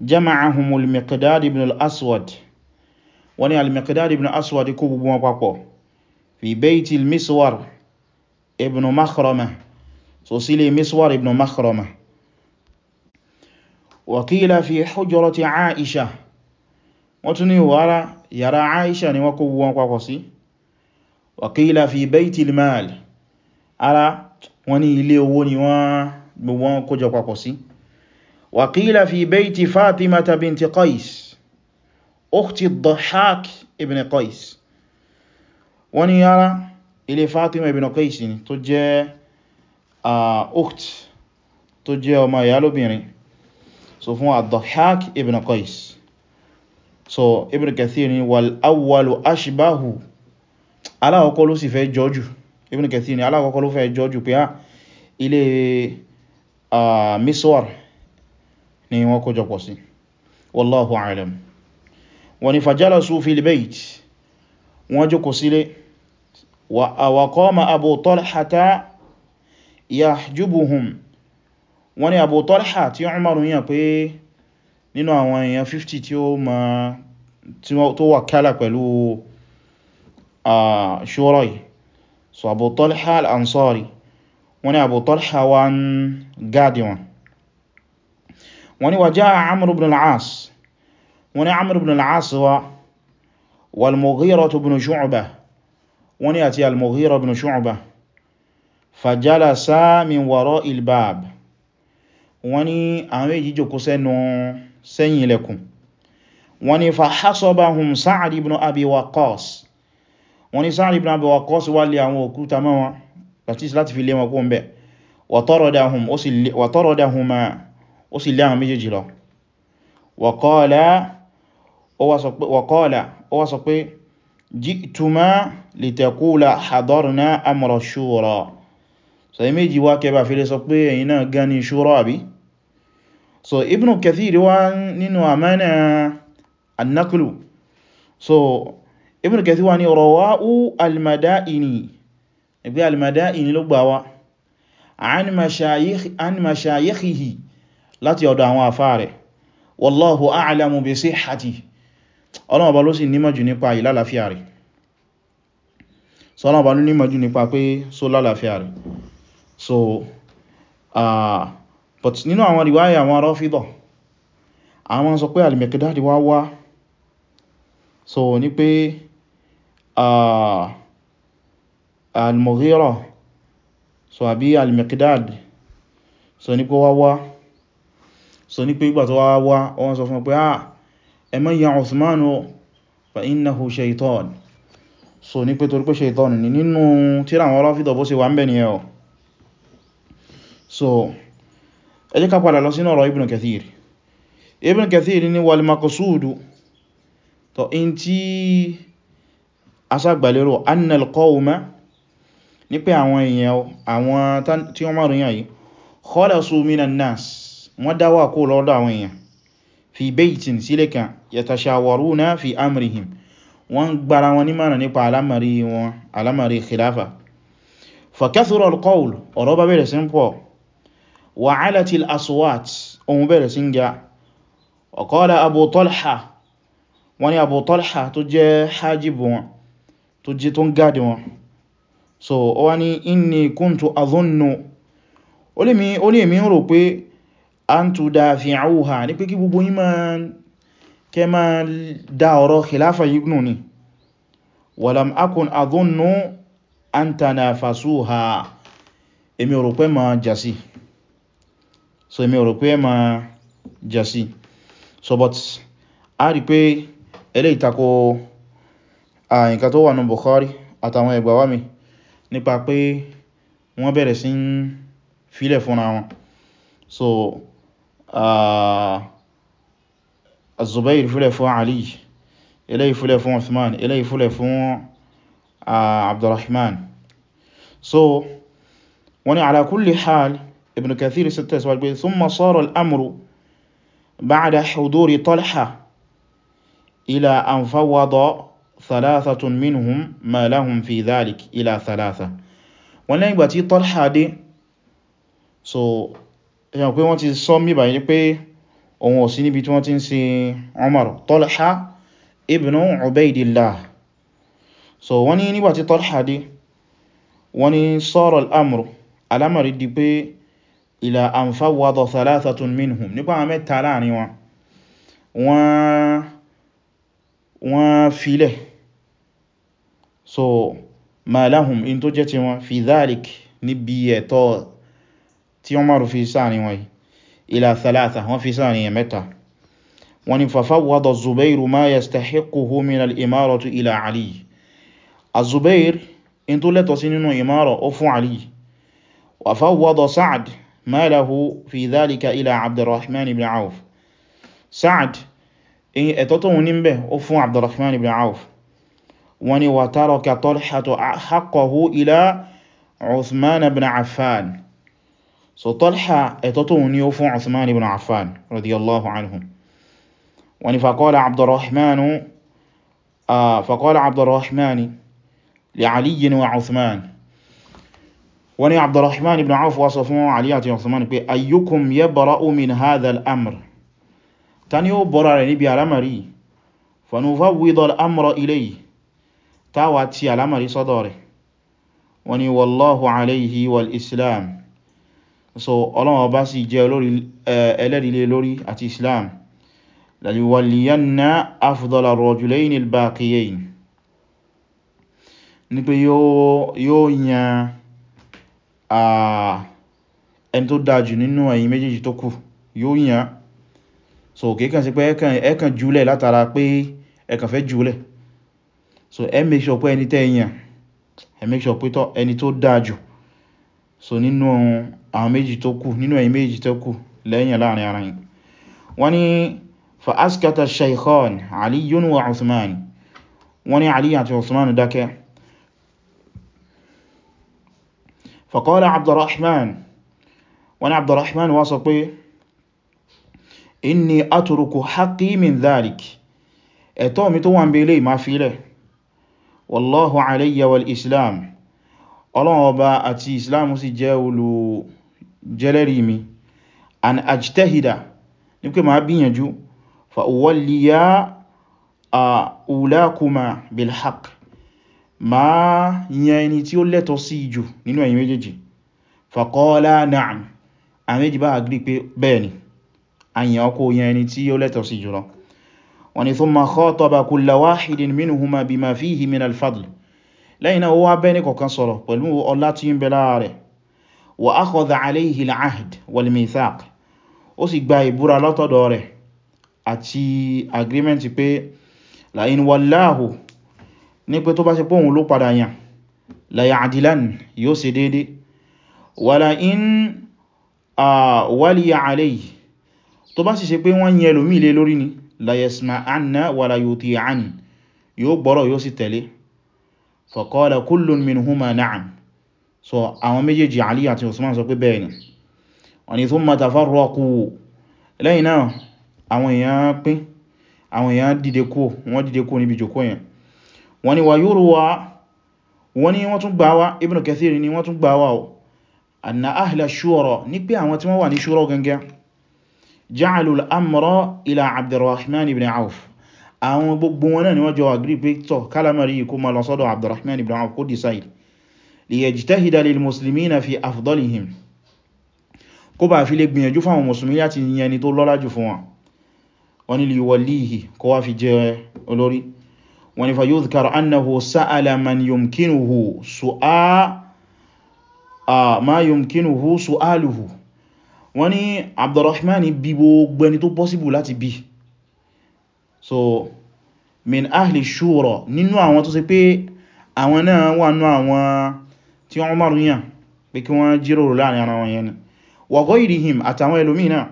jama'ahum al-Miqdad ibn al-Aswad wọ́n ní al-Miqdad ibn al-Aswad kó gbogbo wọn papọ̀ fi bayti al-Miswar ibn Makhrama so sílé Miswar ibn Makhrama wa qila fi hujrati Aisha wọ́n tún ní wàrá yàrá Aisha ni wọ́n kó gbogbo wọn papọ̀ sí wa fi bayti mal ara wọ́n ilé owó ni wọ́n gbogbo wọn kójọ papọ̀ sí wa qila fi bayti fatimata binti qais ukhti ad-dhahhak ibn qais wọ́n ní yára ilé fatima ibn qais ni tó jẹ́ ukht tó jẹ́ ọmọ ìyá so fún ad-dhahhak ibn qais so ibn kathir ni wal awwalu ashbahu alákọ̀ọ́kọ́ ló sì fẹ́ jọjú ibn kathir ni alákọ̀ọ́kọ́ ló fẹ́ jọjú pé á ah, ilé miswar ni wọ́n kójọpọ̀ sí wallahu alam wọ́n ni fajalasu fil bayt wọ́n jùkú sílé wa qama abu talhata yahjubuhum wọ́n ni abu talha tí umaru yàn pé nínú àwọn èèyàn 50 tí ó ma tó wà kálà pẹ̀lú ṣúrọ̀ so abu talha al wọ́n ni Abu Talha wá ń gáàdì wọn wọ́n ni wajaa Amr ibn al-As wọ́n ni Amr ibn al-As wá wal-Mughira ibn Shu'bah wọ́n ni àti al-Mughira ibn Shu'bah fajalasa min wara'il wọ́n ni àwọn èjì jòkó sẹ́nu sẹ́yìn ilẹ̀kùn wọ́n ni fahasobahum àti láti fi lé wọn kún bẹ̀ wàtọ́rọ̀dáhùnmá ó sì lé àwọn méjèèjì lọ wàkọ́ọ̀lá ó wá sọ pé jíktùmá lìtẹ̀kúlà hadọ́rùná amọ̀rọ̀ ṣúrọ̀ so méjì wá kẹba fi lè sọ pé ẹ̀yin náà gan ní ṣúrọ̀ àbí so Ibn Kathir wá nínú àmánà annaklu so Ibn Kathir wá ní rọwáú almadaini ìbí al-Madaini ló gbà wá an mashayikhihi láti ọ̀dọ̀ àwọn àfá rẹ̀ wallahu a'lamu bi sihhati ọlọ́ọ̀bá ló sì nímọ̀jù nípa ìlàlàfíà rẹ̀ so ọlọ́ọ̀bá ló nímọ̀jù nípa pé so lálàfíà rẹ̀ so uh, but nínú àwọn riwaya àwọn Rāfidah àwọn sọ pé al-Miqdad wá wá so ní pé uh, al-Mughira so àbí al-Miqdad so ní pé wá wá so ní pé ìgbà tó wá wá wọ́n sọ fún pé ah ẹ má yan Uthman fa innahu shaytan so ní pé torí pé shaytan ni nínú tírà àwọn Rāfidah bó ṣe wà ń bẹ̀ nìyẹn o so ẹ jẹ́ ká padà lọ sínú ọ̀rọ̀ Ibn Kathir Ibn Kathir ni wal maqsudu to in asagbalero annal qawma ní pé àwọn èèyàn àwọn tí wọ́n márùn yàn yìí khalasu minan nas wọ́n dáwà kó lọ́dọ̀ àwọn èèyàn fi baytin sílé kan yatashawaruna fi amrihim wọ́n gbára wọn ní márùn nípa alamari wọn alamari khilafa fa kathura al-qawl ọ̀rọ̀ bá bẹ̀rẹ̀ sí ń pọ̀ wa 'alati aswat ohun bẹ̀rẹ̀ sí ń ga wa qala wọ́n ni abu tó jẹ́ hajib wọn tó jẹ́ tó ń gáàdì wọn so ó wá ní inni kuntu azunnu ó lè mi ó lè mi ń rò pé an tudafi'uha ní pé gbogbo yín ma kẹ ma dá ọ̀rọ̀ khilafa ibn ni walam akun azunnu an tanafasuha èmi ò rò pé ma jasi so èmi ò rò ma jasi so but a rí pé ele ìtakò àyíká tó wà ní Bukhari àtàwọn ẹgbàwá mi nípa pé wọ́n bẹ̀rẹ̀ sí ń filẹ̀ fúnra wọn so ah, az-Zubayr filẹ̀ fún Ali eléyìí filẹ̀ fún Uthman eléyìí filẹ̀ fún ah, Abdurrahman so wọ́n ni ala kulli hal Ibn Kathir sí tẹ̀síwájú pé thumma sara al-amru ba'da huduri Talha ila an fawwada thalathatun minhum ma lahum fi dhalik ila thalatha wọ́n lẹ́yìn ìgbà tí Talha dé so ẹ̀yàn pé wọ́n ti sọ mí báyìí pé òun ò sí níbi tí wọ́n ti ń Umar Talha ibn Ubaidillah so wọ́n ní nígbà tí Talha dé wọ́n ní sara al-amru alamari di pé ila an fawwada thalathatun minhum nípa àwọn mẹ́ta láàrin wọn wọ́n filẹ̀ so ma lahum in tó jẹ́ ti wọn fi dhalik bi ẹ̀tọ́ tí maru fi sani wọ́n ila thalatha wọ́n fi ya mẹ́ta wọ́n ni fafawwada zubair ma yastahiquhu min al-imaratu ila ali azubair in tó lẹ́tọ̀ sí nínú imara ó fún ali wa fawwada sa'd ma lahu fi dhalika ila abdurrahman ibn auf in ẹ̀tọ́ tó wọ́n ní bẹ́ ó fún abdurrahman ibn auf wọ́n ni wà tárọkà tọ́lhàtọ̀ haqqahu ilá Uthman ibn Affan so tọ́lhà ẹ̀tọ́ tó ní ó fún Uthman ibn Affan radiyallahu anhu wọ́n ni faqala Abdurrahmanu faqala Abdurrahmani li Ali wa Uthman wọ́n ni Abdurrahman ibn Auf wá sọ fún Ali àti Uthman pé ayyukum yabra'u min hadha al-amr ta ni ó bọ́ra rẹ̀ níbi alamari fanufawwidul amra ilayhi táwà tí alamari sọ́dọ̀ rẹ̀ wọ́n ni wallahu alayhi wal islam so ọlọ́wọ́ bá sì jẹ́ ẹlẹ́rìlẹ́ lórí àti islam laliwaliyanna afdala rajulayn albaqiyayn ní pé yóò yan ẹni tó dájú nínú ẹ̀yin méjèèjì tó kù yóò yan so kìí kàn sí pé ẹkàn jùlẹ̀ látara pé ẹkàn fẹ́ jùlẹ̀ so ẹ make sure pé ẹni tẹ́ yàn ẹ make sure pé tọ́ ẹni tó dáa so nínú àwọn méjì tó kù nínú ẹ̀yin méjì tó kù lẹ́yìn láàrin ara yìí wọ́n ní fa askata shaykhon ali yun wa usman wọ́n ní ali àti usman dákẹ́ faqala abdurrahman wọ́n ní abdurrahman wá sọ pé inni atruku haqqi min dhalik ẹ̀tọ́ mi tó wà ń wallahu alayya wal islam ọlọ́run ọba àti islam sì jẹ́ olùjẹ́lẹ́rí mi an ajtahida ní pé ma gbìyànjú fa uwalliya ulakuma bilhaq ma yan ẹni tí ó lẹ́tọ̀ sí jù nínú ẹ̀yin méjèèjì faqala na'am àmẹ́jì bá agri pé bẹ́ẹ̀ni àyàn ọkọ̀ yan ẹni tí ó lẹ́tọ̀ sí jùlọ wọ́n ni thumma khataba kulla wahidin minhuma bima fihi min al-fadl lẹ́yìn náà ó wá bẹ́ẹ̀ ní kọ̀kan sọ̀rọ̀ pẹ̀lú ọlá tí ń bẹ lára rẹ̀ wa akhadha alayhi al-ahd wal-mithaq ó ah, tó bá sì ṣe pé wọ́n yẹ lómi ilé lórí ni la yasma'anna wa la yuti'anna yóò gbọ́rọ̀ yóò sì tẹ̀lé fa qala kullun minhuma na'am so àwọn méjèèjì Ali àti Usman sọ pé bẹ́ẹ̀ ni wọ́n ni thumma tafarraqu lẹ́yìn náà àwọn èèyàn pín àwọn èèyàn dìde kó wọ́n ja'alul amra ila abdurrahman ibn auf àwọn gbogbo wọn náà ni wọ́n jọ agree pé tọ́ kálámàrí kó ma lọ sọ́dọ̀ abdurrahman ibn auf kó decide liyajtahida lil muslimina fi afdalihim kó bá fi lè gbìyànjú fáwọn musulmi láti yẹn ni tó lọ́lá jù fún wọn wọ́n ni liwalihi kó wá fi jẹ olórí wọ́n ni fa yudhkar annahu sa'ala man yumkinuhu su'a ma yumkinuhu su'aluhu wọ́n ní abdurrahman bí gbogbo ẹni tó possible láti bí so min ahli shura nínú àwọn tó ṣe pé àwọn náà wà nú àwọn tí wọ́n Umar yàn pé kí wọ́n jíròrò láàrin ara wọn yẹn ni wa ghayrihim àtàwọn ẹlòmí náà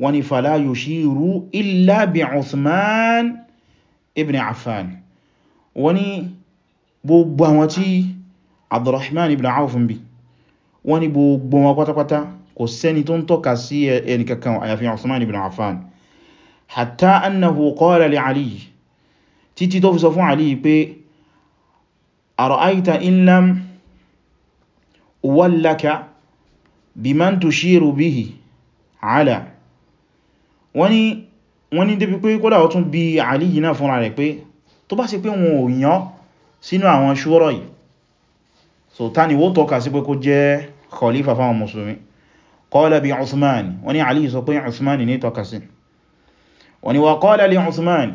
wọ́n ní fala yushiru illa bi Uthman ibn Affan wọ́n gbogbo àwọn tí abdurrahman ibn Auf bí wọ́n gbogbo wọn pátápátá kò sẹ́ni tó ń tọ́ka sí ẹni kankan àyàfi Uthman ibn Affan hatta annahu qala li Ali títí tó fi sọ fún Ali pé ara'ayta in lam wallaka biman tushiru bihi ala wani wani débi pé kódà ó tún bi Ali yìí náà fúnra rẹ̀ pé tó bá ṣe pé wọn ò yàn sínú àwọn ṣúrọ̀ yìí so ta ni wó tọ́ka sí pé kó jẹ́ khalifa fáwọn musulmi qala bi Uthman wọ́n ní Ali sọ pé Uthman ní tọ́ka sí wọ́n ní wa qala li Uthman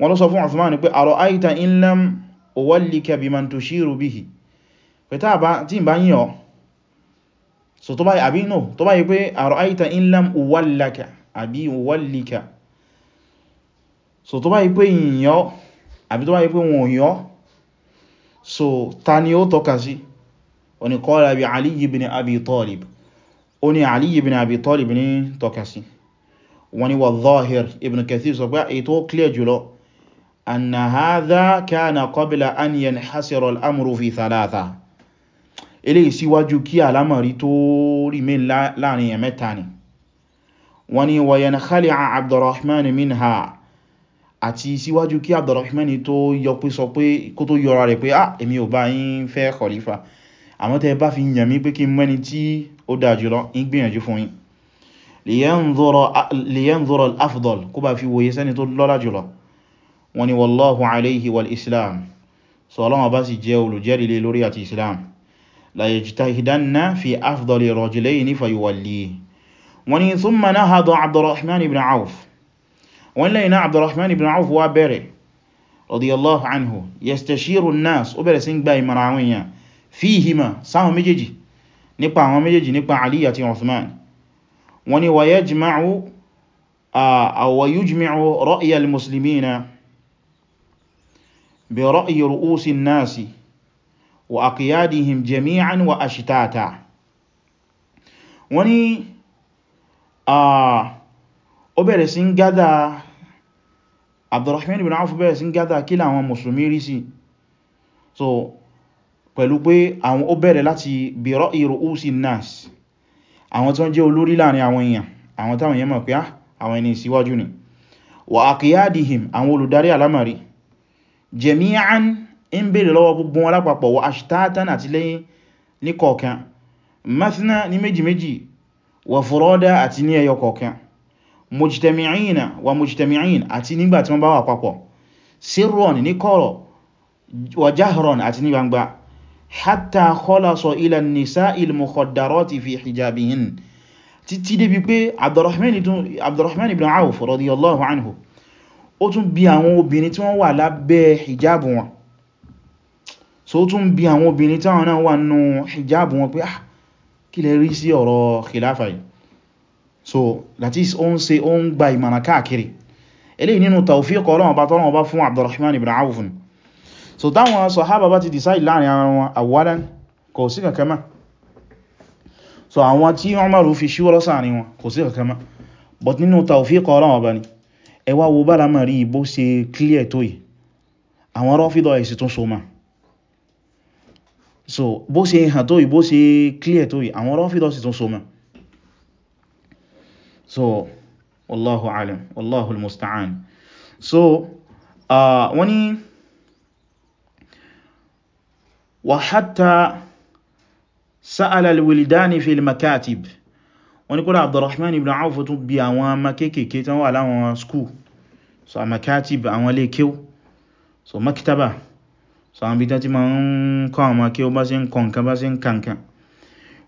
wọ́n ló sọ fún Uthman pé ara'ayta in lam uwallika biman tushiru bihi pé tí bá yín ọ́ so tó báyìí àbí no tó báyìí pé ara'ayta in so ta ni ó tọ́ka sí wọ́n ní qala bi Ali ibn Abi Talib ó ní Ali ibn Abi Talib ní tọ́kasí wọ́n ní wà zahir ibn Kathir sọ pé èyí tó clear jùlọ anna hadha kana qabla an yanhasira al-amru fi thalatha eléyìí síwájú kí alamari tó rí mẹ́ láàrin yẹn mẹ́ta ni wọ́n ní wa yankhali'a Abdurrahman minha àti síwájú kí Abdurrahman tó yọ pé sọ pé kó tó yọra rẹ̀ pé ah èmi ò bá yín fẹ́ khalifa àmọ́ tẹ́ bá fi yàn pé kí mẹ́ni tí ó dáa jùlọ ń gbìyànjú fún yín liyanzura al-afdal kó bá fi wòye sẹ́ni tó lọ́lá jùlọ wọ́n ní wallahu alayhi wal islam so ọlọ́wọ́ bá sì jẹ́ olùjẹ́rìlé lórí àti islam la yajtahidanna fi afdali rajulayni fayuwalli wọ́n ní thumma nahada abdurrahman nípa àwọn méjèèjì nípa Ali àti Uthman wọ́n ní wa yajma'u wa yujmi'u ra'ya al-muslimina bi ra'yi ru'usi an-nasi wa aqyadihim jami'an wa ashtata wọ́n ní ó bẹ̀rẹ̀ sí ń gádà Abdurrahman ibn Auf bẹ̀rẹ̀ sí ń gádà kí làwọn musulmi rí sí so pẹ̀lú pé àwọn ó bẹ̀rẹ̀ láti bẹ̀rọ ìrò úsì nas àwọn tó ń jẹ́ olórí láàrin àwọn èèyàn àwọn táwọn èèyàn mọ̀ pé á ah, àwọn ẹni síwájú ni wà àkíyádìhìm àwọn olùdarí alamari jẹ̀míyàn ń bèèrè lọ́wọ́ gbogbo wọn lápapọ̀ wà àṣítátán àti lẹ́yìn ní kọ̀ọ̀kan mathna ní méjì méjì wà fúrọ́dá àti ní ẹyọ kọ̀ọ̀kan mujtami'ina wà mujtami'in àti nígbà tí wọ́n bá wà papọ̀ sirron ní kọ̀rọ̀ wà jahron àti ní gbangba hatta khalaso ila nisa ilmukhoddaroti fi hijabihin títí débi pé abdurrahman ibn awf radiyallahu anhu ó tún bi àwọn obìnrin tí wọ́n wà lábẹ́ hijabu wọn so ó tún bi àwọn obìnrin táwọn náà wà nù hijabu wọn pé ah kí lẹ rí sí ọ̀rọ̀ khilafa so that is ó ń ṣe ó ń gba ìmọ̀nà káàkiri eléyìí nínú tawfiq Ọlọ́run bá tọ́lọ́run bá fún so táwọn sọ̀hábà bá ti decide láàrin ara wọn àwárán kò sí kankan mọ́ so àwọn tí Umaru fi ṣíwọ́rọ́ sáàrin wọn kò sí kankan mọ́ but nínú tawfiq Ọlọ́run Ọba ni ẹ wá wo bára mọ̀ rí bó ṣe clear tó yìí àwọn Rāfidah ẹ̀sì tún so ma so bó ṣe hàn tó yìí ṣe clear tó yìí àwọn Rāfidah sì tún so ma so wallahu alam wallahu al-musta'an so uh, wọ́n ni وحتى سأل الولدان في المكاتب wọ́n ní kódà Abdurrahman ibn Auf tó bí àwọn makekeke tán wà láwọn skú so a makatib àwọn ilé kéw so makitaba so àwọn bíta ti ma ń kọ́ àwọn kéw bá sí ń kọǹkan bá sí ń kankan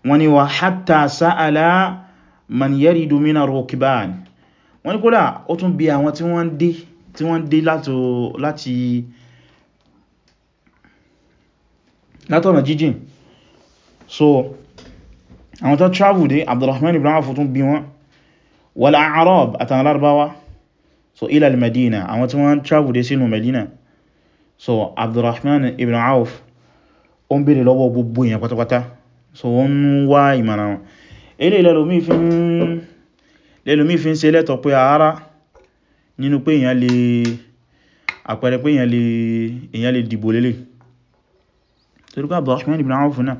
wọ́n ní wà hatta sa'ala man yaridu mina rukban wọ́n ní kódà ó tún bí àwọn tí wọ́n dé láti látọ̀nà jíjìn so àwọn tó travel dé abdurrahman ibn afu tún bí wọn wal a'rab àtàwọn lárúbáwá so ila al-madina àwọn tí wọ́n travel dé sínú medina so abdurrahman ibn auf ó ń bèèrè lọ́wọ́ gbogbo èèyàn pátápátá so wọ́n ń wá ìmọ̀ràn wọn ilé lẹ́lòmí fi ń ṣe lẹ́tọ̀ pé ara nínú pé èèyàn lè àpẹẹrẹ pé èèyàn lè dìbò lélẹ̀ torí pé Abdurrahman ibn Auf náà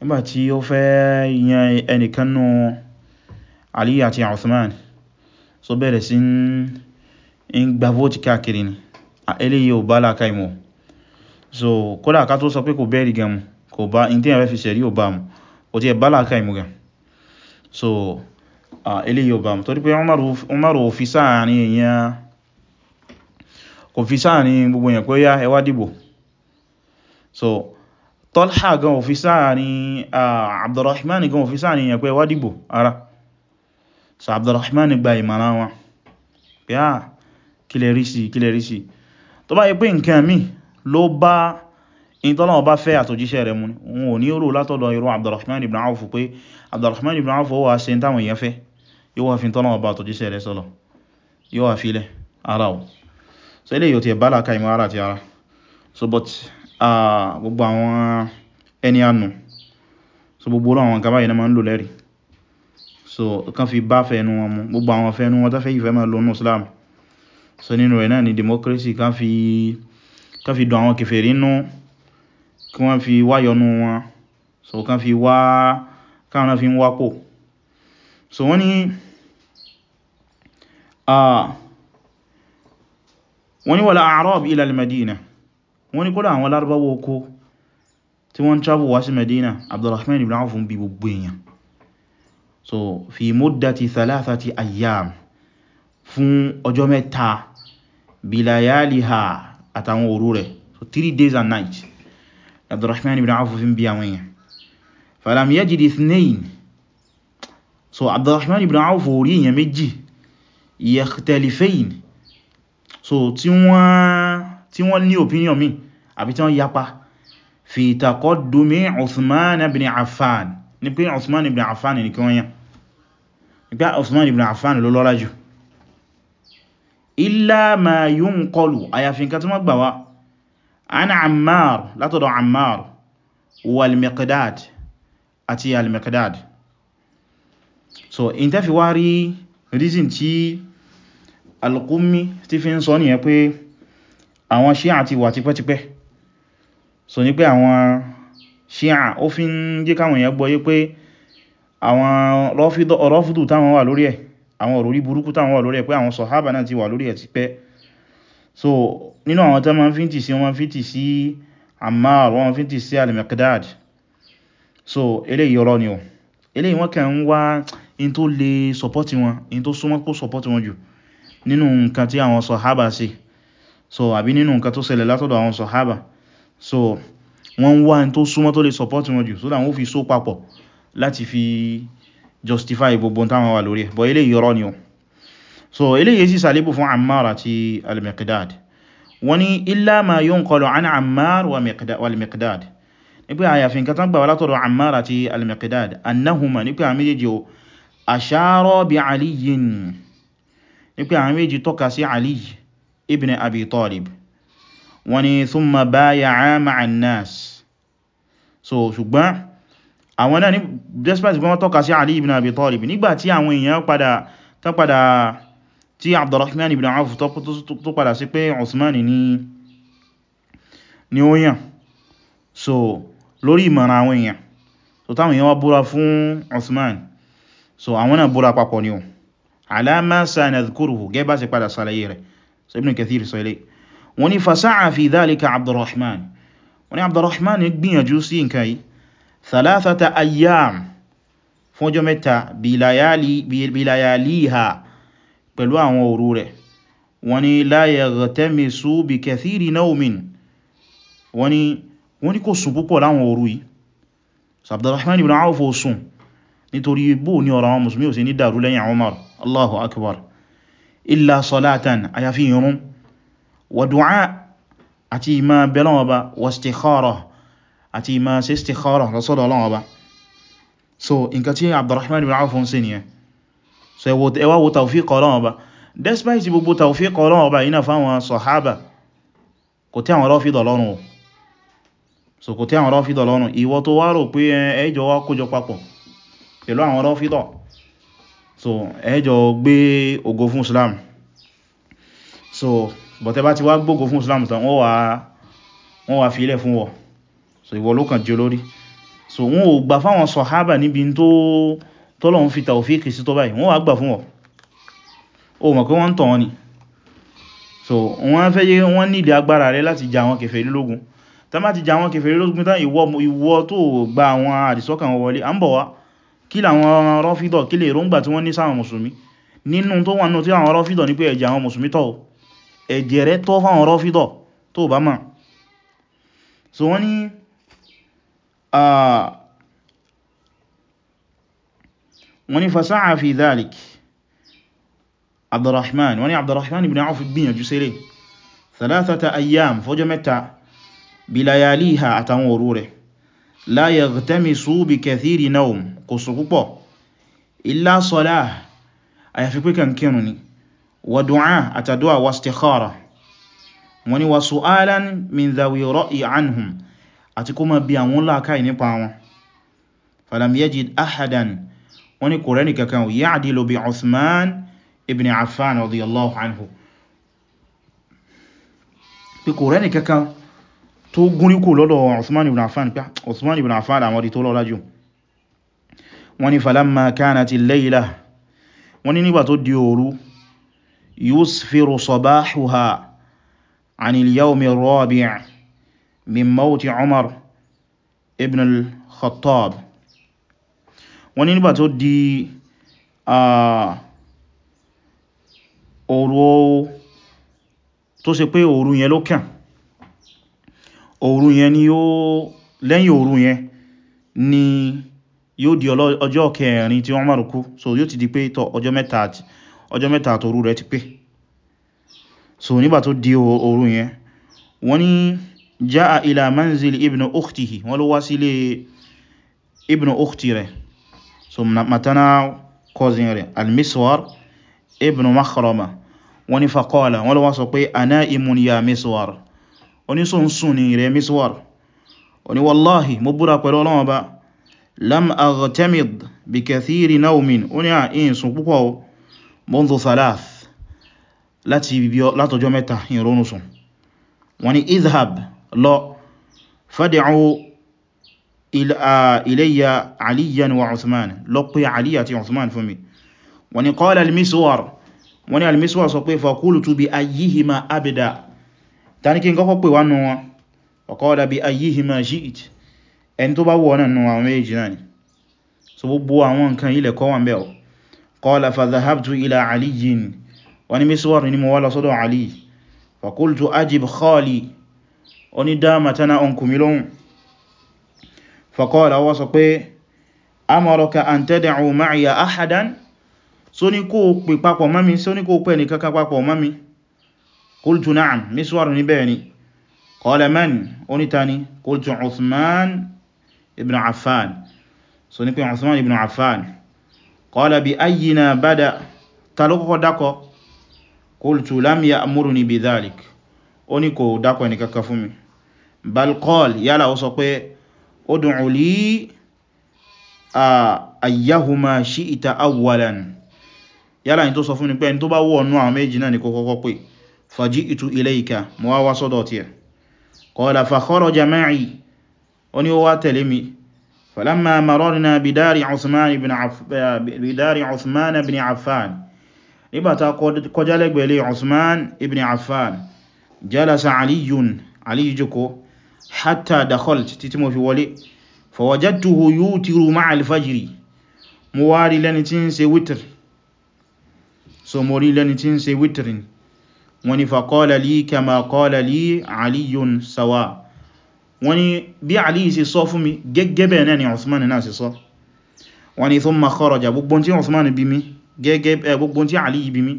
nígbàtí ó fẹ́ yan ẹnìkan nú Ali àti Uthman so bẹ̀rẹ̀ sí ń gba vóòtì káàkiri ni eléyìí ò bá láàká ìmọ̀ so kódà ká tó sọ pé kò bẹ́ẹ̀rì gan mu kò bá in tí a fi ṣẹ̀rí ò bá mu kò tí ẹ bá láàká ìmọ̀ gan so eléyìí ò bá mu torí pé Umaru fi sáàrin èèyàn kò fi sáàrin gbogbo èèyàn pé yá ẹ dìbò so Talha gan ò fi sáàrin Abdurrahman gan ò fi sáàrin èyàn pé wá dìbò ara so Abdurrahman gba ìmọ̀ràn wọn pé à kílẹ̀ rí sí kílẹ̀ rí sí tó bá yí pé nǹkan mi ló bá in tọ́lọ́wọ́ bá fẹ́ àtòjíṣẹ́ rẹ̀ mú wọn ò ní rò látọ̀dọ̀ irú Abdurrahman ibn Auf pé Abdurrahman ibn Auf wà ṣe táwọn èèyàn fẹ́ yóò wà fi tọ́lọ́wọ́ bá àtòjíṣẹ́ rẹ̀ so but gbogbo àwọn ẹni àánú so gbogbo irú àwọn ǹkan báyìí ni wọ́n máa ń lò lẹ́rìí so kàn fi bá fẹ́ ẹnu wọn mu gbogbo àwọn fẹ́ ẹnu wọn tafẹ́ ìfẹ́ máa lò nínú Islam so nínú rẹ̀ náà ni democracy kàn fi dùn àwọn kèfèrí nú kí wọ́n fi wá wọn so kàn fi wá káwọn fi ń wápò so wọ́n ni wọ́n ni wala a'rab ila al-Madina wọ́n ní kó dá àwọn lárúbáwá oko tí wọ́n travel wá sí Medina Abdurrahman ibn Auf bi gbogbo èèyàn so fi muddati thalathati ayyam fún ọjọ́ mẹ́ta bí bilayaliha àtàwọn òru rẹ̀ so three days and night Abdurrahman ibn Auf fi ń bi àwọn èèyàn falam yajid ithnain so Abdurrahman ibn Auf orí èèyàn méjì yakhtalifain so tí wọ́n tí wọ́n ní opinion mi àbí tí wọ́n yapa fi taqaddumi Uthman ibn Affan ní pé Uthman ibn Affan ní kí wọ́n yàn ní pé Uthman ibn Affan ló lọ́lá jù illa ma yunqalu àyàfi nǹkan tí wọ́n gbà wá ana Ammar látọ̀dọ̀ Ammar wal Miqdad àti al Miqdad so in tafi wá rí reason tí al-Qummi ti fi ń sọ nìyẹn pé àwọn Shia ti wà tipẹ́tipẹ́ so ní pé àwọn Shia ó fi ń jẹ́ káwọn èèyàn gbọ́yé pé àwọn rọ́fídù táwọn wà lórí ẹ̀ àwọn òròrí burúkú táwọn wà lórí ẹ̀ pé àwọn sọ̀hábà náà ti wà lórí ẹ̀ tipẹ́ so nínú àwọn tán máa ń fíntì sí wọ́n fíntì sí Ammar wọ́n fíntì sí al so eléyìí ọ̀rọ̀ ni o eléyìí wọ́n kàn ń wá in tó lè sọpọ́tì wọn in tó súnmọ́ kó sọpọ́tì wọn jù nínú nǹkan tí àwọn sọ̀hábà ṣe so àbí nínú nǹkan tó ṣẹlẹ̀ látọ̀dọ̀ àwọn sọ̀hábà so wọ́n wá n tó súnmọ́ tó lè support wọn jù so that wọ́n fi só papọ̀ láti fi justify gbogbo táwọn wà lórí ẹ̀ bọ̀ eléyìí irọ́ ni o so eléyìí sì sàlébù fún Ammar àti al-Miqdad wọ́n ní illa ma yunqalu an Ammar wa al miqdad ní pé àyàfin kan tán gbà látọ̀dọ̀ Ammar àti al-Miqdad annahuma ní pé àmì jẹjẹ o ashara bi aliyin ní pé àmì jẹjẹ tọ́ka sí aliyin ibn abi talib wọ́n ní thumma baya'a ma'a nas so ṣùgbọ́n àwọn náà ní despite gbọ́n tọ́ka sí ali ibn abi talib nígbà tí àwọn èèyàn padà tó padà tí abdurrahman ibn auf tó padà sí pé usman ni ni ó so lórí ìmọ̀ràn àwọn èèyàn so táwọn èèyàn wá búra fún usman so àwọn náà búra papọ̀ ni o alama sanadhkuruhu gẹ́bà sí padà sàlàyé rẹ̀ ابن كثير صلي وني فسعى في ذلك عبد الرحمن وني عبد الرحمن يقبين جوسين كاي ثلاثة أيام فوجو متى بليالي بلياليها بلواء وورورة وني لا يغتمس بكثير نوم وني وني كو سبوكو لان وورو عبد الرحمن بن عوف وصوم نتوري بو نيورا ومسمي وسيني دارو لين عمر الله أكبر illa salatan àyàfi ìrun wa du'a àti ìmá bẹ̀lọ́wọ́ bá wa istikhara àti ìmá ṣe istikhara lọ́sọ́dọ̀ Ọlọ́run bá so nǹkan tí Abdurrahman ibn Auf ń ṣe so ẹwà wo tawfiq Ọlọ́run bá despite gbogbo tawfiq Ọlọ́run bá iná fáwọn sọ̀hábà kò tẹ́ àwọn Rāfidah lọ́rùn so kò tẹ́ àwọn Rāfidah lọ́rùn ìwọ tó wá rò pé ẹjọ́ wá kójọ papọ̀ pẹ̀lú àwọn Rāfidah so ẹ jọ gbé ògo fún Islam so but ẹ bá ti wá gbógo fún Islam tán wọ́n wá fi ilẹ̀ fún wọ so ìwọ ló kàn jẹ olórí so wọ́n ò gbà fáwọn sọ̀hábà níbi tó tọ́lọ̀ ń fi tàòfíkì sí tó báyìí wọ́n wá gbà fún wọ o mọ̀ pé wọ́n tàn ni so wọ́n fẹ́ yé wọ́n nílẹ̀ agbára rẹ láti jà àwọn kèfèrí lógun tá má ti jà àwọn kèfèrí lógun tán ìwọ tó gba àwọn àdìsọ́kàn wọlé à ń bọ̀ wá kí làwọn rọ́fídọ̀ kí lè róngbà tí wọ́n ní sáwọn mùsùlùmí nínú tó wà náà tí àwọn rọ́fídọ̀ ní pé ẹ̀jẹ̀ àwọn mùsùlùmí tọ́ ẹ̀jẹ̀ rẹ̀ tọ́ fáwọn rọ́fídọ̀ tó bá mà so wọ́n ní wọ́n ní fasáà fi dhalik abdurrahman wọ́n ní abdurrahman ibn auf gbìyànjú sílẹ̀ thalathata ayyam fọ́jọ́ mẹ́ta bilayaliha àtàwọn òru rẹ̀ la yaghtamisu bi kathiri naum kò sùn púpọ̀ illa salah àyàfi pé kan kírun ni wa du'a àtàdúwà wa istikhara wọ́n ni wa su'alan min dhawi ra'i anhum àti kó ma bi àwọn láàkáì nípa wọn falam yajid ahadan wọ́n ni kò rẹ́ni kankan ya'dilu bi ibn Affan radiyallahu anhu tó gúnríkò lọ́dọ̀ Uthman ibn Affan pé ah, Uthman ibn Affan àwọn rí tó lọ́lá jù wọ́n ni falamma kanati layla wọ́n ni nígbà tó di òru yusfiru sabahuha anil yawmi rabi' min mawti Umar ibn al-Khattab wọ́n ni nígbà tó di òru tó ṣe pé òru yẹn ló lẹ́yìn òru yẹn ni yóò di ọjọ́ kẹrin tí Umar kú so yóò ti di pé tọ ọjọ́ mẹ́ta àtòru rẹ̀ ti pé so nígbà tó di òru yẹn wọ́n ní jáà ila manzil ibn ukhtihi wọ́n ló wá sílé ibn ukhti rẹ̀ so matana cousin rẹ̀ al ibn makhrama wọ́n ní faqala wọ́n ló wá sọ pé ana imun ya miswar onísùnsùn ni rẹ̀ miswar oní wallahi mo búra pẹ̀lú Ọlọ́run ba lam aghtamid bi kathiri naumin ó ní àìyìn sun púpọ̀ mọ́nzọ̀ thalath láti látọjọ́ mẹ́ta ìrónusùn wọ́n ni izhab lọ fad'u ilayya aliyan wa uthman lọ pé aliyan àti uthman fún mi wọ́n ni qala wọ́n ni al sọ pé faqultu bi ayyihima abda ta ní kí n kọ́kọ́ pè wá nù wọn ọ̀kọ́ọ̀dá bí ayyihima shi'it ẹni tó bá wọ́ náà nù àwọn méjì náà ni so gbogbo àwọn nǹkan ilẹ̀ kọ́ wọn bẹ́ọ̀ qala fa dhahabtu ila aliyin wani miswar ni mo wá lọ sọ́dọ̀ ali fa qultu na'am miswaru ní bẹ́ẹ̀ ni qala man onítani qultu uthman ibn affan so ní pé uthman ibn affan qala bi ayyina bada talokoko dako qultu lam ya'muruni bi dhalik ó ní kò dako ẹni kankan fún mi bal qala yálà ó sọ pé ud'u li ayyahuma shi'ta awwalan yálà ní tó sọ fún ni pé ẹni tó bá wọ̀ ọ̀nà àwọn méjì náà ni kó kọ́kọ́ pè faji'tu ilayka mo wá wá sọ́dọ̀ tiẹ̀ qala fa kharaja ma'i ó ní ó wá tẹ̀lé mi falamma mararna bidari usman ibn affan nígbàtà kọjá lẹ́gbẹ̀ẹ́ lé usman ibn affan jalasa aliyun aliyu jókòó hatta dakhalt títí mo fi wọlé fawajadtuhu yutiru ma'a al-fajri mo wá rí so mo rí lẹ́ni tí wọ́n ní faqala li kama qala li aliyun sawa wọ́n ní bí aliyu ṣe sọ fún mi gẹ́gẹ́ bẹ́ẹ̀ náà ni osman náà ṣe sọ wọ́n ní thumma kharaja gbogbo tí osman bí mi gẹ́gẹ́ eh, gbogbo bí mi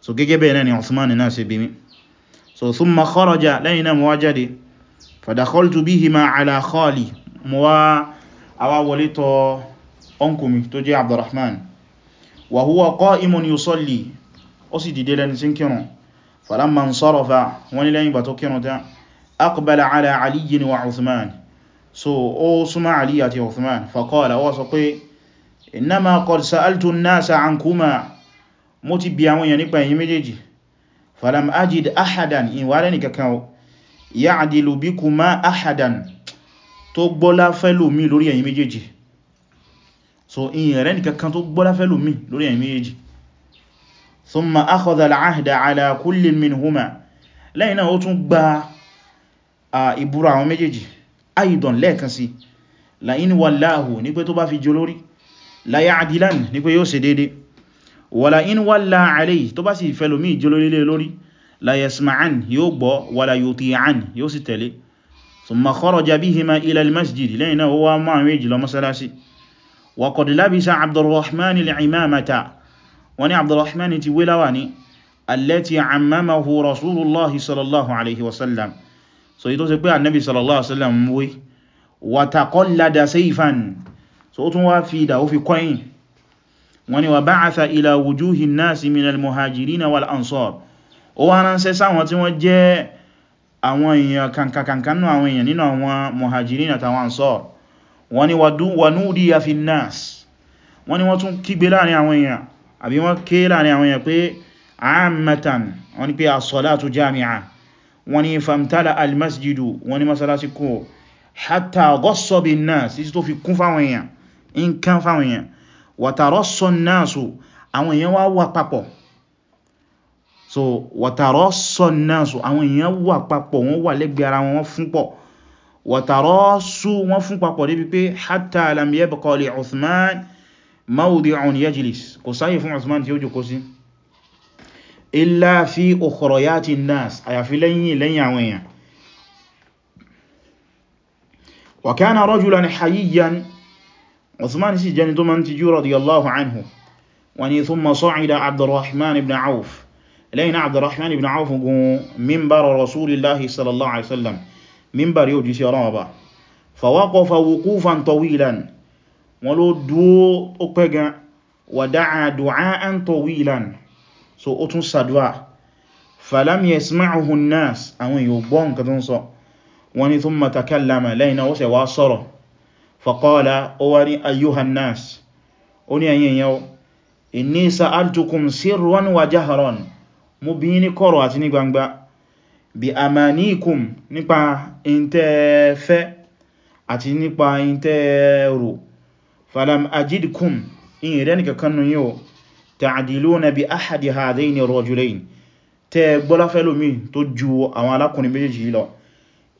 so gẹ́gẹ́ bẹ́ẹ̀ náà ni osman náà ṣe bí mi wa huwa qa'imun yusalli ó sì dìde lẹ́ni sí falamma nsarafa wọ́n ní lẹ́yìn bàtó kírun tán aqbala ala aliyin wa uthman so ó súnmọ́ ali àti uthman faqala wọ́n sọ pé innama qad sa'altu an-nasa ankuma mo ti bi àwọn èèyàn nípa ẹ̀yin méjèèjì falam ajid ahadan ìwárẹ́ nìkankan o ya'dilu bikuma ahadan tó gbọ́lá fẹ́lòmí lórí ẹ̀yin méjèèjì so ìyẹ̀rẹ́ nìkankan tó gbọ́lá fẹ́lòmí lórí ẹ̀yin méjèèjì thumma akhadha al-ahda ala kullin minhuma lẹ́yìn náà ó tún gba ìbúra àwọn méjèèjì aidan lẹ́ẹ̀kan sí la in wallahu ní pé tó bá fi jẹ olórí la ya'dilan ní pé yóò ṣe dédé wala in walla alayhi tó bá sì fẹ́ lómi jẹ olórí lé lórí la yasma'an yóò gbọ́ wala yuti'an yóò sì tẹ̀lé thumma kharaja bihima ila al-masjid lẹ́yìn náà ó wá máa méjì lọ mọ́sálásí wa qad labisa Abdurrahman al-imamata wọ́n ní abdurrahman ti wéláwà ní allati ammamahu rasulullahi sallallahu alaihi wasallam so yi tó ṣe pé annabi sallallahu alaihi wasallam wé wa taqallada sayfan so ó tún wá fi ìdà ó fi kọ́yìn wọ́n ní wa ba'atha ila wujuhi nasi min almuhajirina wal ansar ó wá ránṣẹ́ sáwọn tí wọ́n jẹ́ àwọn èèyàn kankankankanú àwọn èèyàn nínú àwọn muhajirina tàwọn ansar wọ́n ní wa nudiya fi nas wọ́n ní wọ́n tún kígbe láàrin àwọn èèyàn àbí wọ́n ké láàrin àwọn èèyàn pé ammatan wọ́n ni pé as-salatu jami'a wọ́n ni famtala al-masjidu wọ́n ni masalasi kó hatta ghassa bin nas sí tó fi kún fáwọn èèyàn so wa tarassa an-nasu àwọn èèyàn wà papọ̀ wọ́n wà lẹ́gbẹ̀ẹ́ ara wọn fún pọ̀ wa papọ̀ débi pé hatta lam yabqa li mawdi'un yajlis kò sáyè fún Uthman tí ó jókòó sí illa fi ukhrayati an-nas àyàfi lẹ́yìn lẹ́yìn àwọn èèyàn wa kana rajulan hayyan Uthman sì jẹni tó ma ti ju radiyallahu anhu wani thumma sa'ida Abdurrahman ibn Auf lẹ́yìn Abdurrahman ibn Auf gun mimbara rasulillahi sallallahu alaihi wasallam mimbari òjísí ọlọ́wọ́ ba fa wuqufan tawilan wọn ló dúó ó pẹ́ gan wada'a du'a'an tawilan so ó tún sàdúwà falam yasma'uhu an-nas àwọn èèyàn gbọ́ nǹkan tó ń sọ wọ́n ni thumma takallama lẹ́yìn ó sì wá sọ̀rọ̀ faqala ó wá ní ayyuhan nas ó ní ẹ̀yin yau inni falam ajidkum in rẹ̀ nìkan kannu yíò ta'diluna bi ahadi hadhaini rajulayn tẹ gbọ́láfẹ́lómi tó ju àwọn alákùnrin méjèèjì lọ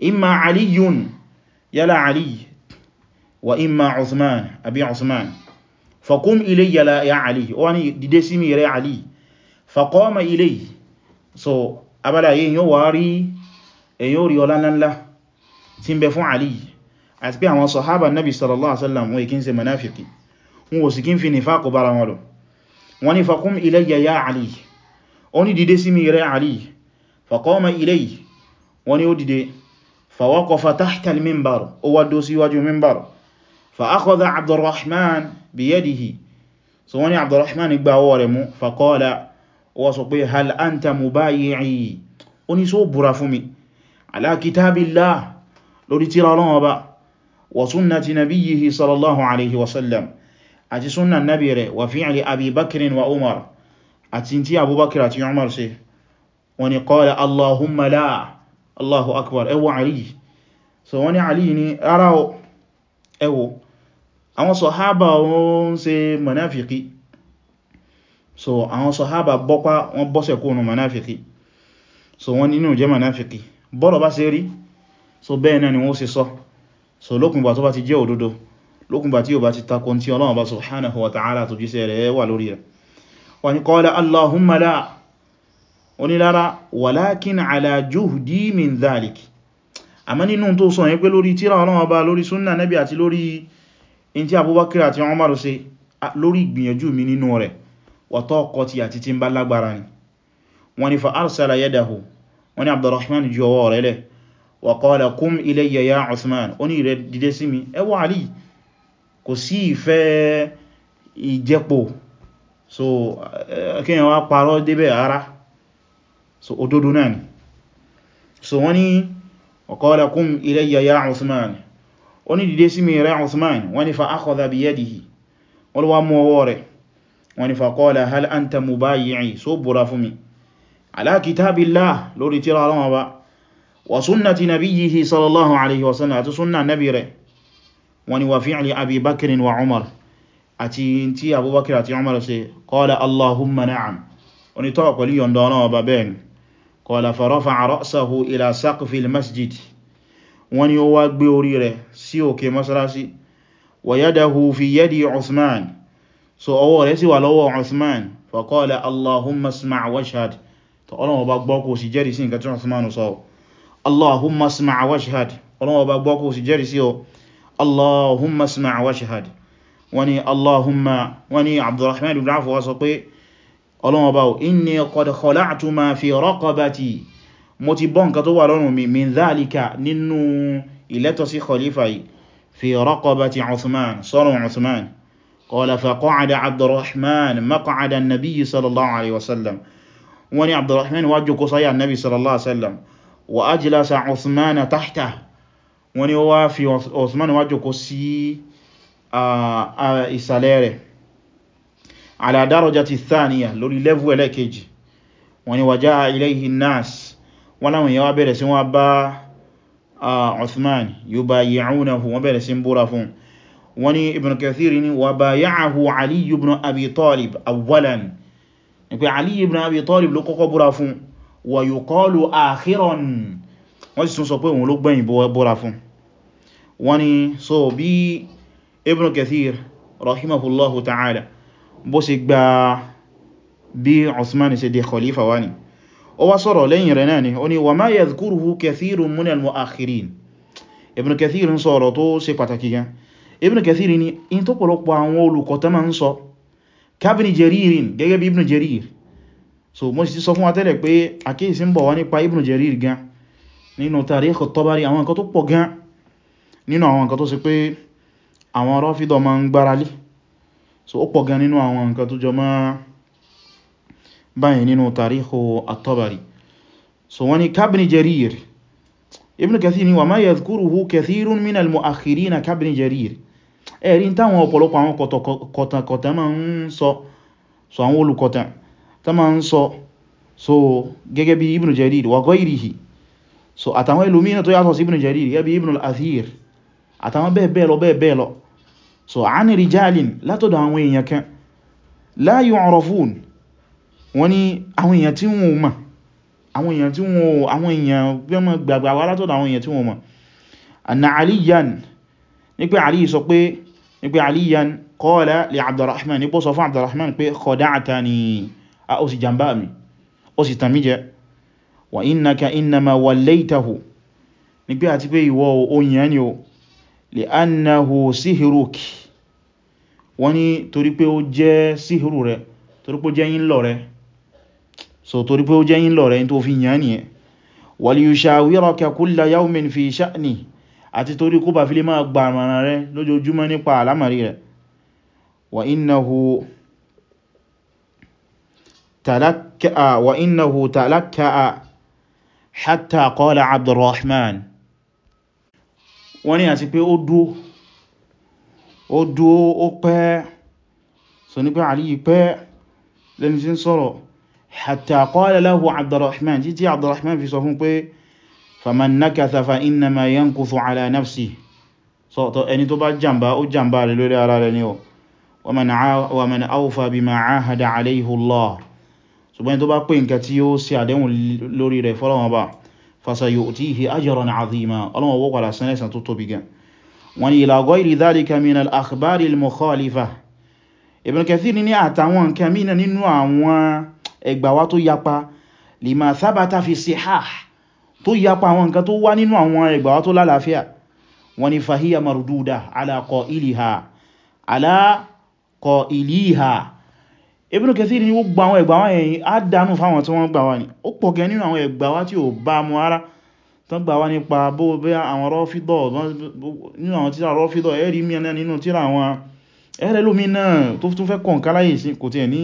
imma aliyun yala ali wa imma usman abi usman faqum ilayya la ya ali ó ní dìde sí ali faqama ilayya so abala yíò wà rí èyí ò rí ọlá ńlá tí ń bẹ ali àti pé àwọn sọ̀hábà nabi sallallahu alaihi wasallam wọn ikin ṣe munafiki wọn ò sì kí ń fi nifaqo bára wọn lò wọn ni faqum ilayya ya ali ó ní dìde sí mi rẹ̀ ali faqama ilayhi wọn ni ó dìde fawaqafa tahta al-minbar ó wá dó sí iwájú minbar fa akhadha abdurrahman wa sunnati nabiyyihi sallallahu alaihi wasallam àti sunna nabi rẹ̀ wa fi'li abi bakrin wa umar àti tí abubakar àti umar ṣe wọ́n ní qala allahumma la allahu akbar ẹwọ ali so wọ́n ní ali ni ara ẹwọ àwọn sọ̀hábà wọ́n ṣe manáfikí so àwọn sọ̀hábà bọ́pá wọ́n bọ́sẹ̀ kóònù manáfikí so wọ́n nínú jẹ́ manáfikí bọ́rọ̀ bá ṣe rí so bẹ́ẹ̀ náà ni wọ́n ṣe so so lókùngbà tó bá ti jẹ́ òdodo lókùngbà tí ó bá ti takon tí Ọlọ́run bá subhanahu wa ta'ala tó jíṣẹ́ rẹ̀ wà lórí rẹ̀ wà ní qala Allahumma la onílára walakin ala juhdi min dhalik àmá nínú tó sọ yẹn pé lórí tíra Ọlọ́run bá lórí súnnà nabi àti lórí in tí Abubakar àti wàkọ́lá kum ilayya ya Uthman ó ní rẹ̀ dìde sí mi ẹ wá Ali kò sí ìfẹ́ ìjẹ́pò so eh, kíyàn wá parọ́ débẹ̀ ara so òdodo náà ni so wọ́n ní wàkọ́lá kum ilayya ya Uthman ó ní dìde sí mi rẹ̀ Uthman wọ́n ní fa akhadha biyadihi wọ́n wá mú ọwọ́ rẹ̀ wọ́n ní fa qala hal anta mubayyi so búra fún mi ala kitabillah lórí tíra ọlọ́wọ́ وسنة نبيه صلى الله عليه وسلم àti súnnà nẹ́bí rẹ̀ wọ́n ni wà fi'li Abi Bakr wa Umar àti tí Abubakar àti Umar ṣe qala Allahumma na'am wọ́n ni tọ́wọ̀ pẹ̀lú yọ̀ndọ̀ ọ̀nà ọba bẹ́ẹ̀ qala fa rafa'a ra'sahu ila saqfi al-masjid wọ́n ni ó wá gbé orí rẹ̀ sí òkè masalasi wa yadahu fi yadi Uthman so ọwọ́ rẹ̀ sì wà lọ́wọ́ Uthman fa qala Allahumma isma' washhad tọ́ ọlọ́wọ́ bá gbọ́kù sí jẹ́rìí sí nǹkan tí Uthman sọ́wọ́ allahumma sma'a wa shahad ọlọ́wọ́ bá gbọ́ kó sì jẹ́rì sí ọ allahumma sma'a wa shahad wani allahumma wani abdurrahman ibn afu wa sọ pé ọlọ́wọ́ bá inni qad khala'tu ma fi raqabati mo ti bọ́ nǹkan tó wà lọ́rùn mi min dhalika nínú ìlẹ́tọ̀ sí khalifa yìí fi raqabati uthman sọ́rùn uthman qala faqa'ada abdurrahman maq'ada an-nabiy sallallahu alaihi wasallam wani abdurrahman wá jókòó sáyà nabi sallallahu alaihi wasallam wa ajlasa Uthman tahta wọ́n ní ó wá fi Uthman wá jókòó sí ìsàlẹ̀ rẹ̀ ala darajati thaniya lórí lẹ́vù ẹlẹ́kejì wọ́n ní wa jaa ilayhi an-nas wọ́n láwọn èèyàn wá bẹ̀rẹ̀ sí wọ́n bá Uthman yubayi'unahu wọ́n bẹ̀rẹ̀ sí ń búra fún wọ́n ní Ibn Kathir ni wa baya'ahu Ali ibn Abi Talib awwalan ni pé Ali ibn Abi Talib ló kọ́kọ́ búra fún wa yuqalu akhiran wọ́n sì tún sọ pé òun ló gbẹ̀yìn bọ́ra fún wọ́n ni so bí Ibn Kathir rahimahullahu ta'ala bó ṣe gba bí Usman ṣe di khalifa wani ó wá sọ̀rọ̀ lẹ́yìn rẹ̀ náà ni ó ni wa ma yadhkuruhu kathirun min al-mu'akhirin Ibn Kathir ń sọ̀rọ̀ tó ṣe pàtàkì gan Ibn Kathir ni in tó pọ̀lọpọ̀ àwọn olùkọ́ tó máa ń sọ kabni Jaririn gẹ́gẹ́ bí Ibn Jarir so mo sì ti sọ fún wa tẹ́lẹ̀ pé àkíyèsí ń bọ̀ wá nípa Ibn Jarir gan nínú Tarikh at-Tabari àwọn nǹkan tó pọ̀ gan nínú àwọn nǹkan tó ṣe pé àwọn Rāfidah ma ń gbáralé so ó pọ̀ gan nínú àwọn nǹkan tó jọ mọ́ báyìí nínú Tarikh at-Tabari so wọ́n ni kabni Jarir Ibn Kathir ni wa ma yadhkuruhu kathirun min al-mu'akhirina kabni Jarir ẹ̀rí táwọn ọ̀pọ̀lọpọ̀ àwọn kọ̀tàkọ̀tà ma ń sọ àwọn olùkọ̀tà tó ma ń sọ so gẹ́gẹ́ bí ibn jarir wa ghayrihi so àtàwọn ilomina tó yàtọ̀ sí ibn jarir gẹ́gẹ́ bí ibn al-athir àtàwọn bẹ́ẹ̀ bẹ́ẹ̀ lọ bẹ́ẹ̀ bẹ́ẹ̀ lọ so ani rijalin látọ̀dọ̀ àwọn èèyàn kan la yu'rafun wọ́n ní àwọn èèyàn tí wọ́n mọ̀ àwọn èèyàn tí wọ́n àwọn èèyàn gbẹ́mọ̀ gbàgbà wá látọ̀dọ̀ a ó sì jàmbá mi ó sì tàn mí jẹ wa innaka innama wallaytahu ní pé àti pé ìwọ oyin ẹni o li annahu sihruk wọ́n ní torí pé ó jẹ́ síhìrù rẹ̀ torí pé ó jẹ́ yín lọ rẹ̀ so torí pé ó jẹ́ yín lọ rẹ̀ tó fi yàn nìyẹn wa li yushawiraka kulla yawmin fi sha'ni àti torí kó bá fi lè máa gbàmàrà rẹ̀ lójoojúmọ́ nípa àlámàrí rẹ̀ wa innahu تلكأ وإنه تلكأ حتى قال عبد الرحمن وني أسيبه أدو أدو أقى سنبه علي أقى لنزين صرو حتى قال له عبد الرحمن جيتي عبد الرحمن في صفون بي فمن نكث فإنما ينكث على نفسه صوت أني تبع الجنب أو الجنب للولي أرى لنيو ومن, ومن أوفى بما عاهد عليه الله ṣùgbọ́n tó bá pè nǹkan tí ó ṣe àdéhùn lórí rẹ̀ fọ́lọ́wọ́n bá fasayu'tihi ajran 'azima ọlọ́wọ́ wọ́n padà sẹ́lẹ̀sàn tó tóbi gan wọ́n ni ila ghayri dhalika min al-akhbari al-mukhalifa Ibn Kathir ní àtàwọn nǹkan mìíràn nínú àwọn ẹgbàwá tó yapa lima thabata fi Ibn Kathir ní gbogbo àwọn ẹgbàwá ẹ̀yìn á dánú fáwọn tí wọ́n gbàwá ní ó pọ̀ gẹ nínú àwọn ẹgbàwá tí ò bá mú ara tán gbàwá nípa bó bẹ́ àwọn rọ́fídọ̀ nínú àwọn tíra rọ́fídọ̀ ẹ̀rí mìíràn nínú tíra àwọn ẹ̀rẹ́ lómi náà tó tún fẹ́ kọ̀ nǹkan láyé sí kò tiẹ̀ ní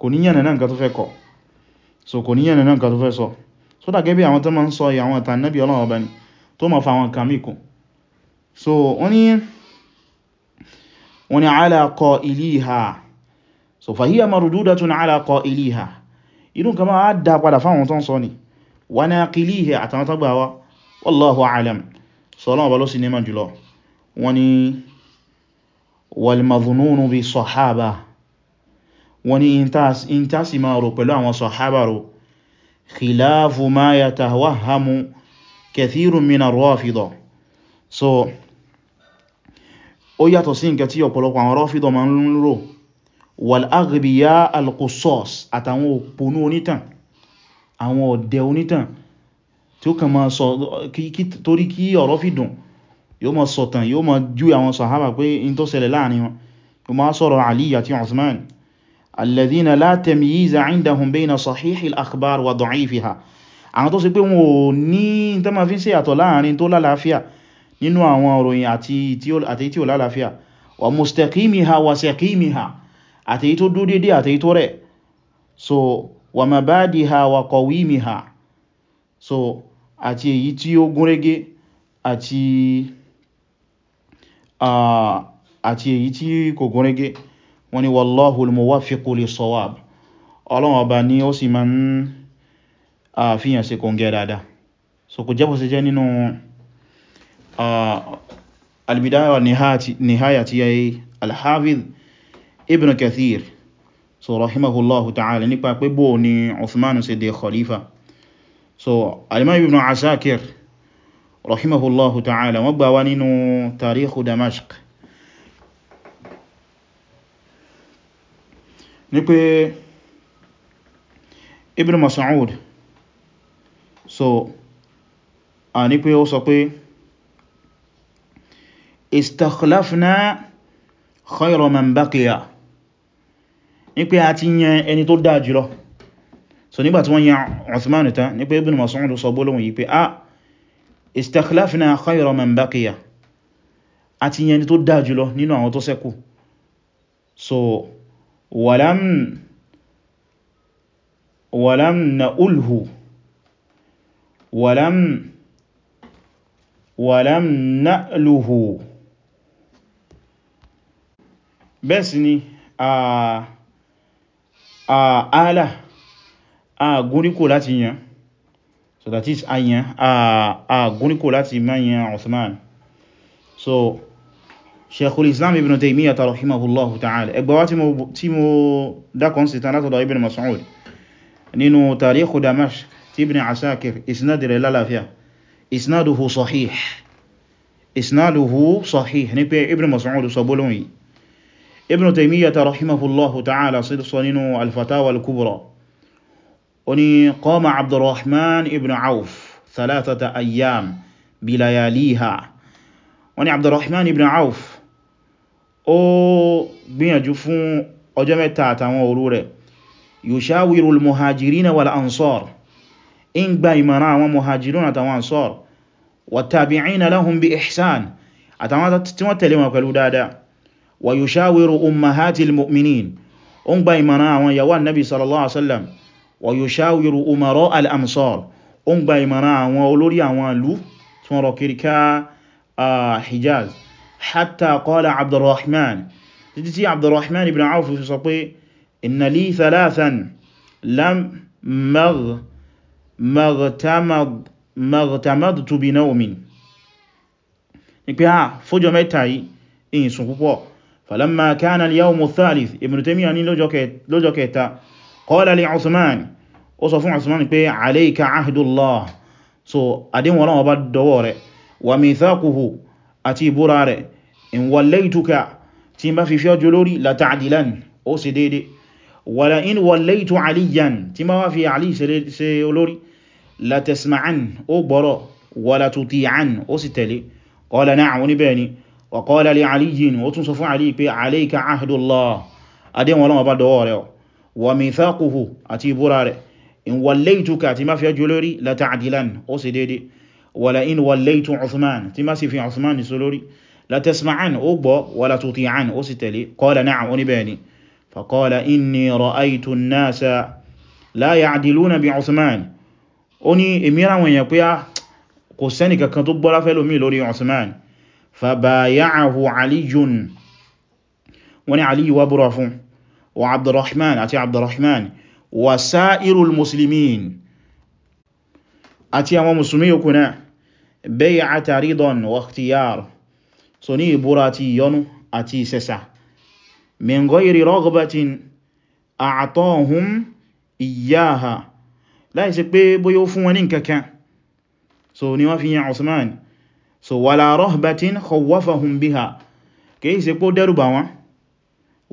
kò ní yànnà náà nǹkan tó fẹ́ kọ̀ so kò ní yànnà náà nǹkan ni tó máa fa so fàhíyà marududatun ala qailiha inú kama a dá padà fáwọn tán sọ ni wa naqiliha àtàwọn tagbawa wallahu alam so ọlọ́wọ́ bá ló sì neman jùlọ wọ́n ni walmadhununu bi sahaba wọ́n ni in ta si ma ro pẹ̀lú khilafu ma yatawahhamu kathirun min ar-rafida so ó yàtọ̀ sí nǹkan tí ọ̀pọ̀lọpọ̀ àwọn rafida ma ń rò wàl'agriya alkusos àtàwọn òpónú onítàn àwọn ọ̀dẹ̀ onítàn tí ó kàn máa sọ torí kí ọ̀rọ̀ fi dùn yóò máa sọ̀tàn yóò máa jú àwọn sàhábà pé in tó ṣẹlẹ̀ láàrin wọn yóò máa sọ̀rọ̀ Ali àti Usman alladhina la tamyiza indahum bayna sahihi al-akhbar wa da'ifiha àwọn tó wa mustaqimiha wa saqimiha àti èyí tó dúró dédé àti èyí tó rẹ̀ so wa mabadiha wa qawimiha so àti èyí tí ó gúnrégé àti àti èyí tí kò gúnrégé wọ́n ni wallahu al-muwaffiqu lis-sawab ọlọ́run ọba ni ó sì máa ń àfihàn sí kòǹgẹ́ dáadáa so kò jẹ́bọ̀ sí jẹ́ nínú al-bidaya wa nihaya ti yayi al ibn kathir so rahimahullahu ta'ala nípa pé bó ni uthman ṣe dé khalifa so alimam ibn asakir rahimahullahu ta'ala wọ́n gbà wá nínú tarikhu damashq ní pé ibn mas'ud so a ní pé ó sọ pé istakhlafna khayra man baqiya ní pé a ti yan ẹni tó dáa jùlọ so nígbà tí wọ́n yan Uthman tán ní pé Ibn Mas'ud sọ gbólóhùn yìí pé a ah, istakhlafna khayra man baqiya a ti yan ẹni tó dáa jùlọ nínú àwọn tó ṣẹ́kù so walam walam na ulhu walam walam na luhu bẹ́ẹ̀ ni a uh, ààlà àgúnríkò láti yàn so that is ayan àgúnríkò láti mayan Uthman so Shaykhul Islam Ibn Taymiyyah rahimahullahu ta'ala ẹgbàwá tí mo dákọ̀ sí tán látọ̀dọ̀ Ibn Mas'ud nínú Tarikh Damashq tí Ibn Asakir isnad rẹ̀ lálàáfíà isnaduhu sahih isnaduhu sahih ní pé Ibn Mas'ud sọ gbólóhùn yìí ibn taymiyyata rahimahullahu ta'ala sọ nínú al-fatawa al-kubra ó ní qama abdurrahman ibn auf thalathata ayyam bilayaliha ó ní abdurrahman ibn auf ó gbìyànjú fún ọjọ́ mẹ́ta àtàwọn òru rẹ̀ yushawiru al-muhajirina wal ansar in gba ìmọ̀ràn àwọn muhajirun àtàwọn ansar wa tabi'ina lahum bi ihsan àtàwọn tí wọ́n tẹ̀lé wọn pẹ̀lú ويشاور أمهات المؤمنين أنبا إمانا ويوى النبي صلى الله عليه وسلم ويشاور أمراء الأمصار أنبا إمانا وولوريا وانلو تنرى كيركا آه، حجاز حتى قال عبد الرحمن تجتي عبد الرحمن بن عوف في صبي إن لي ثلاثا لم مغ مغتمض مغتمضت بنوم ni pe ah fojo meta yi in sun pupo فلما كان اليوم الثالث ابن تيمية ní lọ́jọ́ kẹta قال لعثمان ó sọ fún Uthman pé عليك عهد الله so àdéhùn Ọlọ́run bá dọwọ́ rẹ̀ وميثاقه àti ìbúra rẹ̀ in wallaytuka tí ma fi fi ọjọ́ lórí لتعدلن ó sì dédé wala in wallaytu aliyan tí ma wá fi Ali ṣe olórí لتسمعن ó gbọ́rọ̀ wala tuti'an ó sì tẹ̀lé قال نعم oníbẹ̀ẹ́ni wa qala li aliyin ó tún sọ fún àlì pé alayka ahdullah adéwọn ọlọ́wọ́ bá dọwọ́ rẹ̀ wa mithaquhu àti ìbúra rẹ̀ in wallaytuka tí má fi ẹjọ́ lórí la ta'dilan ó sì dédé wala in wallaytu Uthman tí má sì fi Uthman ní sólórí la tasma'an ó gbọ́ wala tuti'an ó sì tẹ̀lé qala na'am ó ní bẹ́ẹ̀ ni fa qala inni ra'aytu an-nasa la ya'diluna bi Uthman ó ní èmìíràn wọ̀nyẹ̀ pé kò sẹ́nì kankan tó gbọ́láfẹ́ lómi lórí Uthman فبايعه علي وني علي وبرف وعبد الرحمن أتي عبد الرحمن وسائر المسلمين أتي أمام مسلمي كنا بيعة رضا واختيار سني براتي ينو أتي سسا من غير رغبة أعطاهم إياها لا يسيب بيو فوانين ككا وفي عثمان so wala rahbatin khawwafahum biha kìí ṣe pó dẹ́rùbà wọn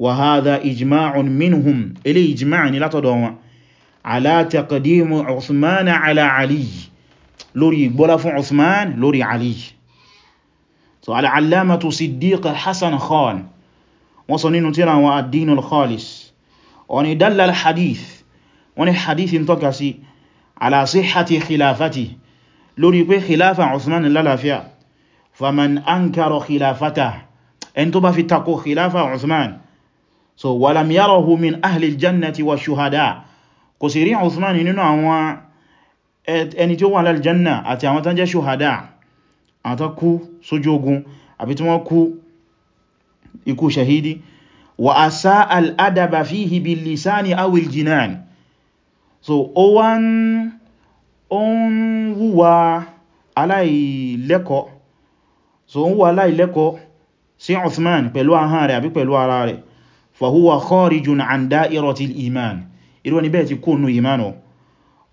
wa hadha ijma'un minhum ilé ijma' ni látọ̀dọ̀ wọn ala taqdimu Uthman ala Ali lórí ìgbọ́lá fún Uthman lórí Ali so al'allamatu Siddiq Hasan Khan wọ́n sọ nínú tíra wọn ad-dinul khalis wani dallal hadith wani hadithin tọ́ka sí ala sihhati khilafati lórí pé khilafa Uthman lálàáfíà faman ankaro khilafata ẹni tó bá fi takò khilafa Uthman so walam yarahu min ahli aljannati wa shuhada kò sì rí Uthman nínú àwọn ẹni tí ó wà láljanna àti àwọn tán shuhada àwọn tán kú sójú ogun àbí tí shahidi wa asa al'adaba fihi bil lisani awil jinan so ó wá ń wúwa aláìlẹ́kọ̀ọ́ so ń wà láìlẹ́kọ́ sí Uthman pẹ̀lú ahán rẹ̀ àbí pẹ̀lú ara rẹ̀ fahuwa kharijun an da'iratil iman irú ẹni bẹ́ẹ̀ ti kó nù iman o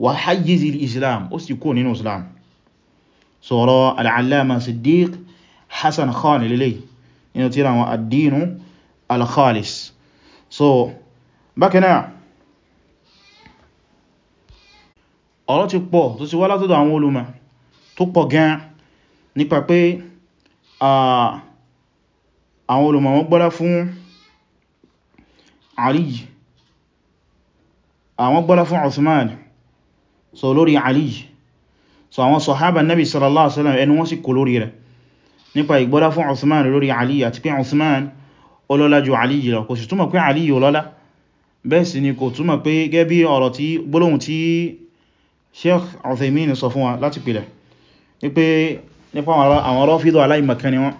wa hayyizil islam ó sì kó nínú islam sọ̀rọ̀ al'allama siddiq hassan khan lélẹ̀ inú tíra wọn ad al-khalis so bákanáà ọ̀rọ̀ ti pọ̀ tó sì wá látọ̀dọ̀ àwọn olùmọ̀ tó pọ̀ gan nípa pé àwọn olùmọ̀ wọ́n gbọ́lá fún Ali àwọn gbọ́lá fún Uthman so lórí Ali so àwọn sọ̀hábà nabi sallallahu alaihi wasallam ẹnu wọ́n sì kò lórí rẹ̀ nípa ìgbọ́lá fún Uthman lórí Ali àti pé Uthman ọlọ́lá ju Ali lọ kò sì túmọ̀ pé Ali ọlọ́lá nípa àwọn Rāfidah aláìmọ̀kan ni wọ́n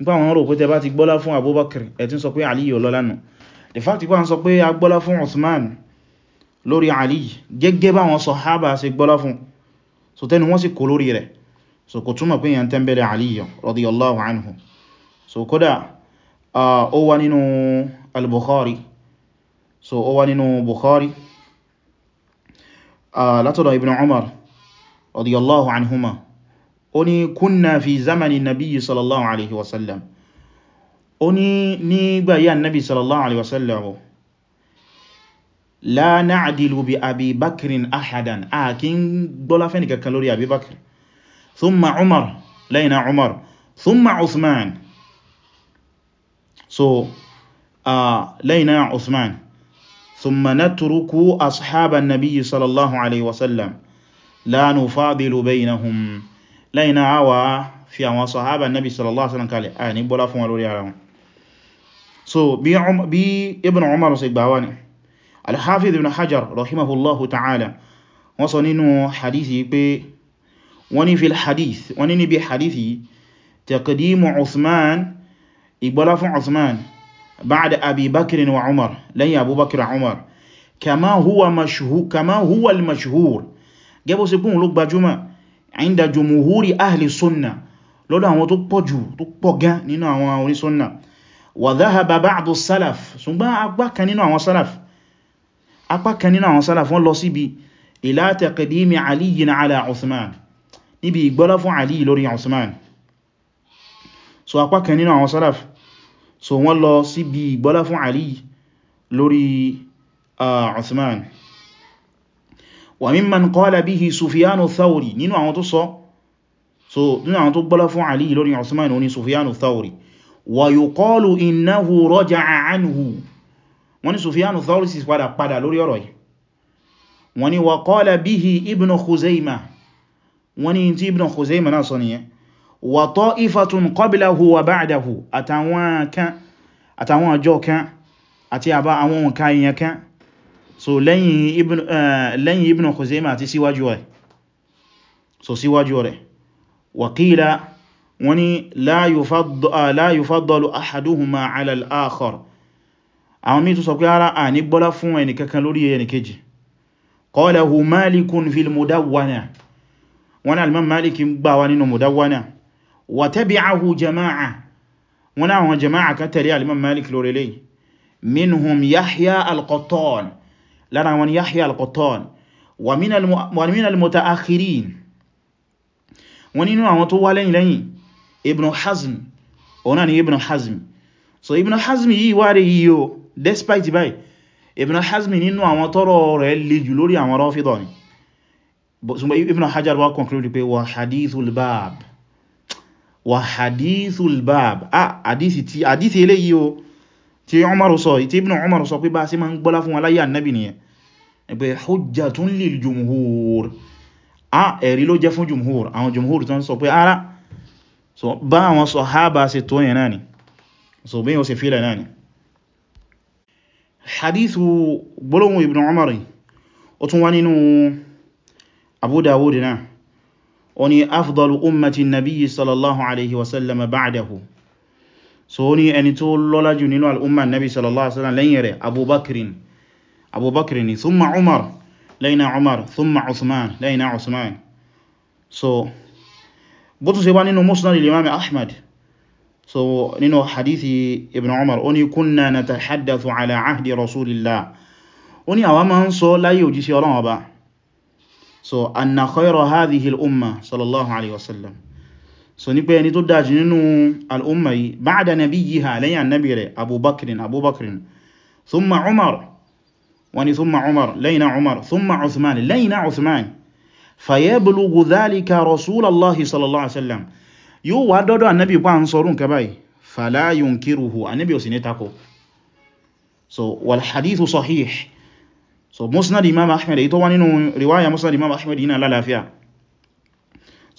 nípa àwọn rò pé tẹ bá ti gbọ́lá fún Abubakar ẹ ti ń sọ pé Ali yóò lọ́lá nù the fact pé a ń sọ pé a gbọ́lá fún Uthman lórí Ali gẹ́gẹ́ báwọn sàhábà ṣe gbọ́lá fún so tẹ́nu wọ́n sì kó lórí rẹ̀ so kò túnmọ̀ pé yẹn tẹ́m̀bẹ̀lẹ̀ Ali radiyallahu anhu so kódà ó wà nínú al-Bukhari so ó wà nínú Bukhari látọ̀dọ̀ Ibn Umar radiyallahu anhuma oni kúnnà fi zamani nabiyyi sallallahu alaihi wasallam oni ní gba yà nabi sallallahu alaihi wasallam la na'dilu bi abi bakrin ahadan a kin gbọ́lá fẹ́ nìkankan lórí abi bakr thumma umar laina umar thumma uthman so a laina uthman thumma natruku ashaban nabiyyi sallallahu alaihi wasallam la nufadilu bainahum lẹ́yìn náà a wá fi àwọn sahaba nabi sallallahu alaihi wasallam kalẹ̀ a ní bọ́lá fún wa lórí ara wọn so bí ibn umar ṣe gbà wá ní al-hafiz ibn hajar rahimahullahu ta'ala wọ́n sọ nínú hadithi pé wọ́n ní fil hadith wọ́n ní níbi hadithi taqdimu usman ìgbọ́lá fún usman ba'da abi bakrin wa umar lẹ́yìn abubakir wa umar kama huwa mashhur kama huwa al-mashhur gẹ́bọ́ sí kún ló gbajúmọ̀ inda jùmùhúrí ahìlì súnnà lọ́dọ̀ àwọn tó pọ̀ jù tó pọ̀ gan nínú àwọn onísúnnà wà záhàbà ba'du salaf ṣùgbọ́n apá kan nínú àwọn salaf apá kan nínú àwọn salaf wọ́n lọ síbi ila taqdimi aliyin ala usman níbi ìgbọ́lá fún ali lórí usman so apá nínú àwọn salaf so wọ́n lọ síbi ìgbọ́lá fún ali lórí uh, usman wa mimman qala bihi sufiyanu thawri nínú àwọn tó sọ so nínú àwọn tó gbọ́lá fún ali lórí usman oní sufiyanu thawri wa yuqalu innahu raja'a anhu wọ́n ní sufiyanu thawri sì padà padà lórí ọ̀rọ̀ yìí wọ́n ní wa qala bihi ibn khuzaima wọ́n ní tí ibn khuzaima náà sọ so lẹ́yìn ibn eh, lẹ́yìn ibn Khuzaymah àti síwájú rẹ̀ so síwájú rẹ̀ waqila wọ́n ní la yufaddalu ahaduhuma ala al-akhar àwọn mìí tún sọ pé ara à ní gbọ́lá fún ẹni kankan lórí ẹni kejì qalahu malikun fil mudawwana wọ́n ní al-imam maliki gbà wá nínú mudawwana wa tabi'ahu jama'a wọ́n ní àwọn jama'a kan tẹ̀lé al malik lórí lẹ́yìn minhum yahya al-qattan lára wọn Yahya al-Qattan wa min al-mutaakhirin wọn nínú àwọn tó wá lẹ́yìn lẹ́yìn Ibn Hazm ọ̀nà ni Ibn Hazm so Ibn Hazm yìí wá rí yíò despite báyìí Ibn Hazm nínú àwọn tọ́rọ rẹ̀ le jù lórí àwọn Rāfidah ni Ibn Hajar wá conclude pé wa hadithul bab wa hadithul bab ah hadithi eléyìí o tí Umaru sọ tí Ibn Umaru sọ pé bá sí ma ń gbọ́lá fún aláyé annabi nìyẹn pé hujjatun lil jumhur a ẹ̀rí ló jẹ́ fún jumhur àwọn jumhur tó ń sọ pé ara so bá àwọn sahaba ṣe tó yẹn náà ni so bí yóò ṣe fílẹ̀ náà ni hadithu gbọ́lọ́hun Ibn Umar ó tún wá nínú Abu Dawud náà ó ní afdalu nabiyyi sallallahu alaihi wasallam ba'dahu so ó ní ẹni tó lọ́lá jù nínú al'umma nabi sallallahu alaihi wasallam lẹ́yìn rẹ̀ abubakrin abubakrin thumma umar lẹ́yìn umar thumma usman lẹ́yìn usman so bó tún ṣe wá nínú musnad al-imam ahmad so nínú hadithi ibn umar ó ní kunna natahaddathu ala ahdi rasulillah ó ní àwa máa ń sọ láyé òjíṣẹ́ Ọlọ́run ọba so anna khayra hadhihi al-umma sallallahu alaihi wasallam so ní pé ẹni tó dájú nínú al'umma yìí ba'da nabiyyiha lẹ́yìn annabi rẹ̀ abubakrin abubakrin thumma umar wani thumma umar lẹ́yìn umar thumma usman lẹ́yìn usman fayablughu dhalika rasulallahi sallallahu alaihi wasallam yóò wá dọ́dọ̀ annabi pa ń sọrún ka báyìí fala yunkiruhu annabi ò sì tako so wal hadithu sahih so musnad imam ahmed èyí tó wá nínú riwaya musnad imam ahmed yìí na lálàáfíà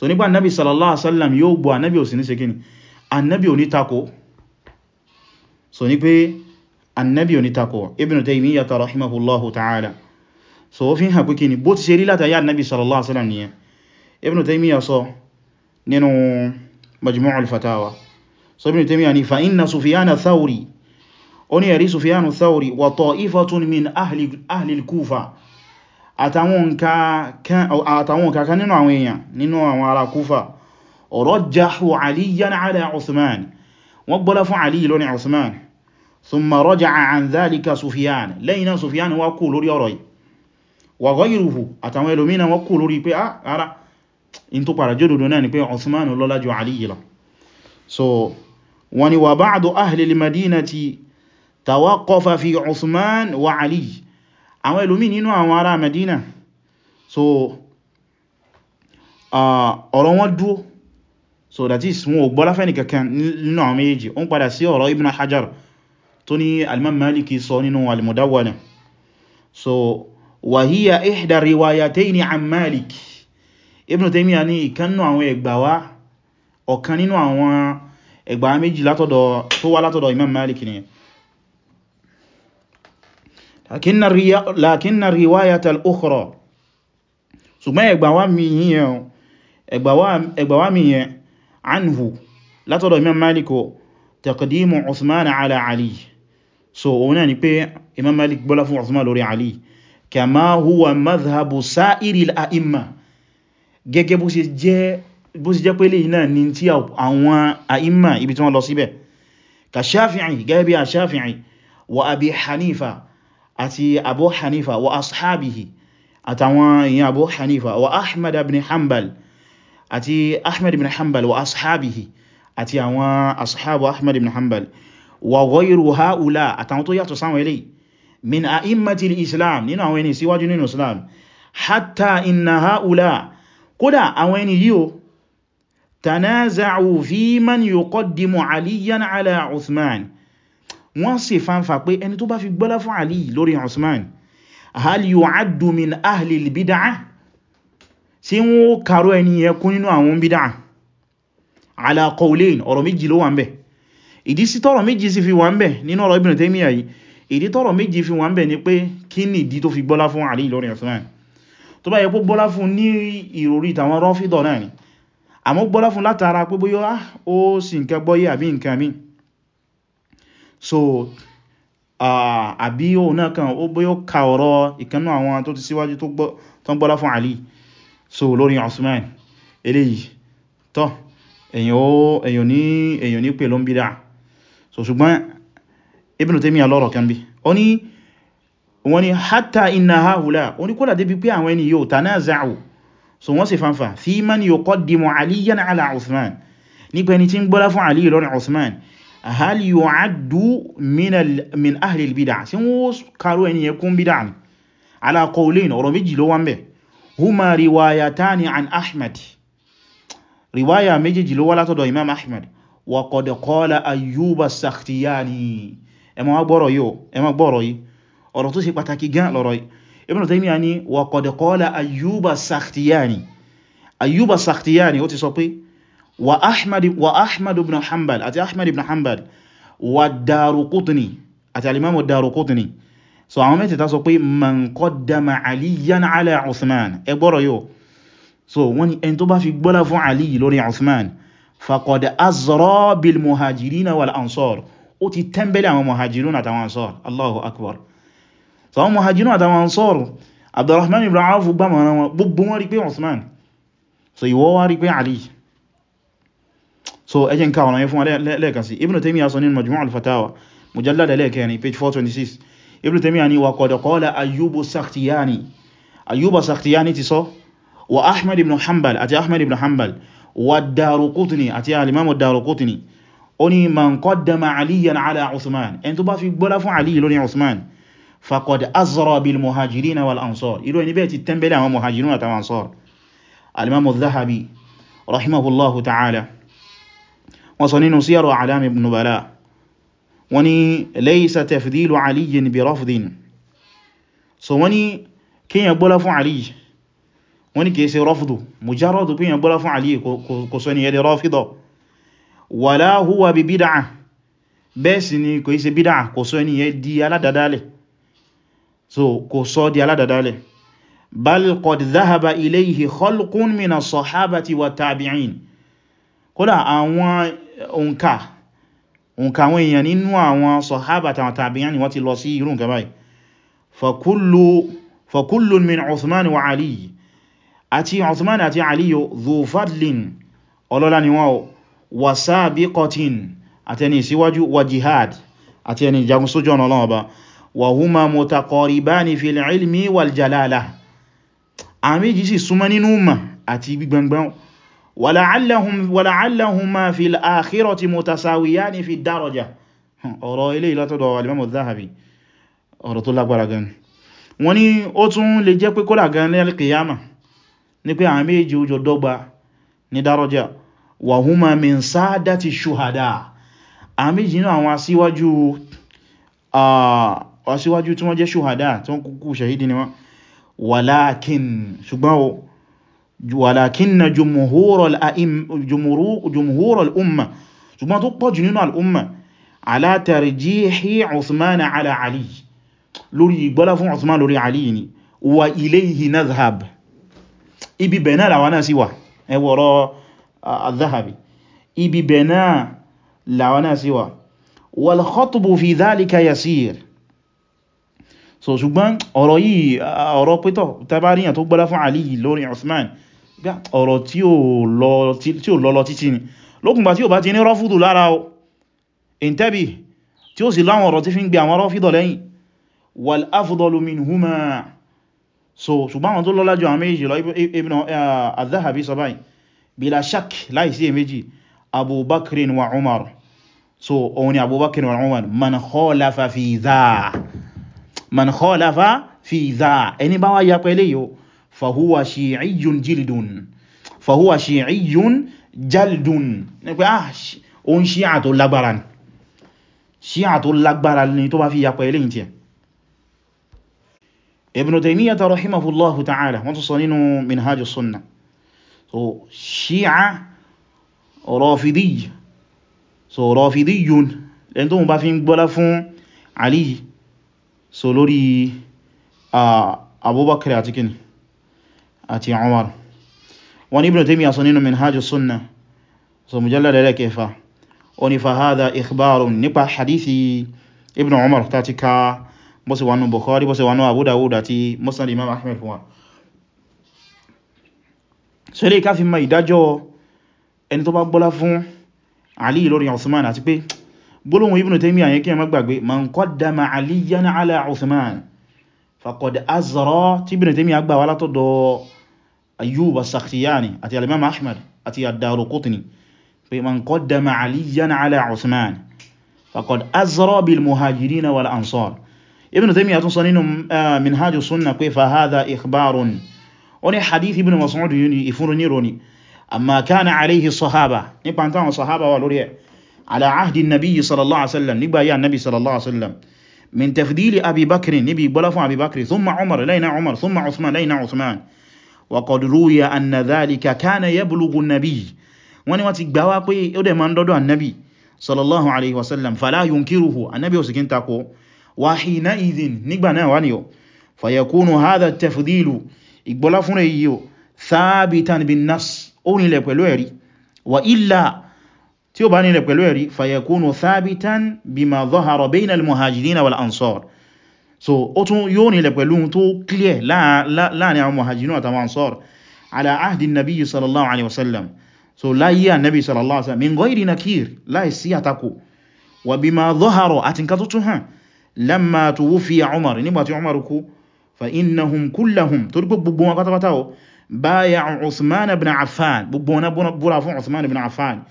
so nípa annabi sallallahu alaihi wasallam yóò gbọ́ annabi ò sí ní ṣe kíni annabi ò ní takò so ní pé annabi ò ní takò ibn taymiyyah rahimahullahu ta'ala so ó fi hàn pé kíni bó ti ṣe rí látàyà annabi sallallahu alaihi wasallam nìyẹn ibn taymiyyah sọ nínú majmu' al-fatawa so ibn taymiyyah ní fa àtàwọn kàkà nínú àwọn èèyàn nínú àwọn ará kúfà rajjahu aliyan ala usman wọ́n gbọ́lá fún ali lórí usman thumma raja'a an dhalika sufiyan lẹ́yìn náà sufiyan wá kú lórí ọ̀rọ̀ yìí wa ghayruhu àtàwọn ẹlòmínà wọ́n kú lórí pé ah, ara so wọ́n ni wa ba'du ahli al-madinati tawaqqafa àwọn ẹlòmí nínú àwọn ará Medina so ọ̀rọ̀ wọn dúó so that is wọn ò gbọ́lá fẹ́ni kankan nínú àwọn méjì ó ń padà sí ọ̀rọ̀ Ibn Hajar tó ní al Maliki sọ nínú al-Mudawwana so wa hiya ihda riwayatayni an Malik Ibn Taymiyyah ní ìkan nínú àwọn ẹgbàwá ọ̀kan nínú àwọn ẹgbàwá méjì látọ̀dọ̀ tó wá látọ̀dọ̀ Imam Malik nìyẹn لكن الري لكن الروايه الاخرى ثم يغبوا ميهن اغبوا اغبوا ميهن عنه لا ترى امام مالك تقديم عثمان على علي سو هنا ني بي امام مالك بلا فو عثمان لوري علي كما هو مذهب سائر الائمه gẹ́gẹ́ bó sì jẹ́ pé lè náà ní tí àwọn àìmà ibi tí wọ́n lọ síbẹ̀ kà ṣáfihàn àti abu hanifa wa ashabihi àtàwọn èèyàn abu hanifa wa ahmad ibn hanbal àti ahmad ibn hanbal wa ashabihi àti àwọn ashabu ahmad ibn hanbal wa ghayru haula àtàwọn tó yàtọ̀ sáwọn eléyìí min a'immati al-islam nínú àwọn ẹni síwájú nínú islam hatta inna haula kódà àwọn ẹni yíò tanaza'u fi man yuqaddimu aliyan ala uthman wọ́n ṣe fanfà pé ẹni tó bá fi gbọ́lá fún Àlì lórí Usman hal yu'addu min ahli al-bid'ah ṣé wọ́n kàrọ ẹni yẹ kún nínú àwọn bid'ah ala qawlayn ọ̀rọ̀ méjì ló wà ń bẹ̀ ìdí sí tọ́rọ̀ méjì sí fi wà ń bẹ̀ nínú ọ̀rọ̀ Ibn Taymiyyah yìí ìdí tọ́rọ̀ méjì fi wà ń bẹ̀ ni pé kí ni ìdí tó fi gbọ́lá fún Àlì lórí Usman tó bá yẹ pé gbọ́lá fún ní ìròrí tàwọn Rāfidah náà ni àmọ́ gbọ́lá fún látara pé bóyá ah, ó sì nǹkan gbọ́yé àbí nǹkan míì so àbí òun náà kan ó bóyá ó ka ọ̀rọ̀ ìkanú àwọn tó ti síwájú tó ń gbọ́lá fún Ali so lórí Usman eléyìí tọ́ èyàn ní èyàn ní pè ló ń bídá so ṣùgbọ́n Ibn Taymiyyah lọ́rọ̀ kan bí ó ní wọ́n ní hatta inna haula ó ní kódà débi pé àwọn ẹni yóò tanaza'u so wọ́n sì fanfà fi man yuqaddimu aliyan ala Uthman nípa ẹni tí ń gbọ́lá fún Ali lórí Uthman hal yu'addu min ahli al-bid'ah sí wọ́n kàrò ẹni ẹkún bídá ní ala qawlayn ọ̀rọ̀ méjì ló wà ń bẹ̀ huma riwayatani an ahmad riwaya méjèjì ló wá látọ̀dọ̀ imam ahmad wa qad qala ayyuba sakhtiyani ẹ máa gbọ́rọ̀ yìí ẹ máa gbọ́rọ̀ yìí ọ̀rọ̀ tó ṣe gan lọ́rọ̀ yìí ibn taymiya ni wa qad qala ayyuba sakhtiyani ayyuba sakhtiyani ó ti sọ pé wa ahmad wa ahmad ibn hanbal àti ahmad ibn hanbal wa daruqutni àti al-imam ad-daruqutni so àwọn mẹ́tẹ̀ta sọ pé man qaddama aliyan ala uthman ẹgbọ́rọ̀ yóò so wọ́n ni ẹni tó bá fi gbọ́lá fún ali lórí uthman faqad azra bil muhajirina wal ansar ó ti tẹ́mbẹ̀lẹ̀ àwọn muhajirun àtàwọn ansar allahu akbar so àwọn muhajirun àtàwọn ansar abdurrahman ibn awf gbàmọ̀ràn wọn gbogbo wọn rí pé uthman so ìwọ wá rí pé ali so ẹjẹ́ nǹkan àwọn fún lẹ́ẹ̀kan sí Ibn Taymiyyah sọ nínú Majmu' al-Fatawa mujallad ẹlẹ́ẹ̀kẹrin page 426 Ibn Taymiyyah ni wa qad qala Ayyubu Sakhtiyani Ayyuba Sakhtiyani ti sọ wa Ahmad ibn Hanbal àti Ahmad ibn Hanbal wa Daraqutni àti alimamu Daraqutni ó ní man qaddama Aliyan ala Uthman ẹni tó bá fi gbọ́lá fún Ali lórí Uthman faqad azra bil muhajirin wal ansar irú ẹni bẹ́ẹ̀ ti tẹ́mbẹ̀lẹ̀ àwọn muhajirun ta'ala wọ́n sọ nínú Siyaru A'lam an-Nubala wọ́n ní laysa tafdilu Aliyyin bi rafdin so wọ́n ní kíyàn gbọ́lá fún Ali wọ́n ní kìí ṣe rafdu mujarradu kíyàn gbọ́lá fún Ali kò sọ ní ẹ̀dẹ̀ rafida wala huwa bi bid'ah bẹ́ẹ̀ sì ni kò ṣe bídá kò sọ ẹni yẹ di so kò sọ di aládàdálẹ̀ bal qad dhahaba ilayhi khalqun mina sahabati wa tabi'in kódà àwọn òǹkà òǹkà àwọn èèyàn nínú àwọn sọ̀hábà tàwọn tàbíyàn ni wọ́n ti lọ sí irú nǹkan báyìí fakullu min Uthman wa Ali àti Uthman àti Ali dhu fadlin ọlọ́lá ni wọ́n wa sabiqatin àti ẹni ìsíwájú wa jihad àti ẹni ìjagun sójú ọ̀nà Ọlọ́run Ọba wàláàláhùnmá fi àkírọ̀ ti mọ̀tàsáwìyá ní fi dárọjà ọ̀rọ̀ ilé ìlọ́tọ̀dọ̀ alìmọ́mù záhàbí ọ̀rọ̀ tó lágbára gan wọ́n ní ó tún lè jẹ́ pé kódà gan lẹ́lẹ́ kìyàmà ní pé àwọn méjì ó jọ dọ́gba ní dárọjà wà húnmá min sáádá ti ṣùhàdá àwọn méjì nínú àwọn asíwájú asíwájú ni wọ́n ولكن جمهور الأئم جمهور, جمهور الأمة جمهور طبا جنون الأمة على ترجيح عثمان على علي لوري يقبل عثمان لوري علي وإليه نذهب إبي بنا لوانا سوا وراء الذهبي إبي بنا لوانا سوا والخطب في ذلك يسير سو ṣùgbọ́n ọ̀rọ̀ yìí ọ̀rọ̀ pẹ́tọ̀ tàbí àríyàn tó gbọ́lá ọ̀rọ̀ tí ó lọ́lọ títí ni lókùnbà tí ó bá ti ní rọ́fúdù lára o ìntẹ́bì tí ó sì láwọn ọ̀rọ̀ tí fi ń gbé àwọn rọ́fídọ̀ lẹ́yìn wal afdalu minhuma so ṣùgbọ́n àwọn tó lọ́lá jù àwọn méjì lọ ibn eh, az-Zahabi sọ báyìí bila shak láìsí èméjì abubakrin wa umar so òun fahuwa shi'iyyun jildun fahuwa shi'iyyun jaldun ní pé ah o ń shi'a tó lágbára ni shi'a tó lágbára ni tó bá fi yapa eléyìn tí ẹ Ibn Taymiyyah ta rahimahullahu ta'ala wọ́n tún sọ nínú minhajus sunnah so shi'a rafidiyya so ẹni tó mú bá fi ń gbọ́lá fún Ali so lórí ah, Abubakar àti kini àti Umar wọ́n ní Ibn Taymiyyah sọ nínú Minhaj as-Sunnah so mujallad ẹlẹ́kẹfà ó ní fahadha ikhbarun nípa hadithi Ibn Umar ta ti ka bọ́sí wọnú Bukhari bọ́sí wọnú Abu Dawud àti Musnad Imam Ahmad fún wa so ilé ká fi ma ìdájọ́ ẹni tó bá gbọ́lá fún Ali lórí Uthman àti pé gbólóhùn Ibn Taymiyyah yẹn kí ẹ má gbàgbé man qaddama Aliyyan ala Uthman faqad azra tí Ibn Taymiyyah gbà wá látọ̀dọ̀ ayyub as-sakhtiyani àti al-imam ahmad àti ad-daruqutni pé man qaddama aliyan ala usman faqad azra bil muhajirin wal ansar ibn taymiyyah tún sọ nínú minhaj sunnah pé fa hadha ikhbarun oni hadith ibn mas'ud yuni ifuru roni amma kana alayhi sahaba nípa ntan sahaba wà lórí ala ahdi an-nabi sallallahu alaihi wasallam nígbà ya nabi sallallahu alaihi wasallam min tafdili abi bakr níbi gbọ́lá fún abi bakr thumma umar layna umar thumma uthman layna uthman وقد روي أن ذلك كان يبلغ النبي wọ́n ni wọ́n ti gbáwá pé ó dẹ̀ ma ń dọ́dọ̀ annabi sallallahu alaihi wasallam fala yunkiruhu annabi ó sì kín takò wa hina idhin nígbà náà wá ni yọ fayakunu hadha tafdilu ìgbọ́lá fún rẹ̀ yíò thabitan so ó tún yóò nílẹ̀ pẹ̀lú tó clear láàrin àwọn muhajirun àtàwọn ansar ala ahdi nabi sallallahu alaihi wasallam so láyé annabi sallallahu alaihi wasallam min ghairi nakir láì sí àtakò wa bima dhahara àti nǹkan tó tún hàn lamma tuwfiya umar nígbà tí umar kú fa innahum kullahum torí gbogbo wọn pátápátá o baya'u usman ibn affan gbogbo wọn búra fún usman ibn affan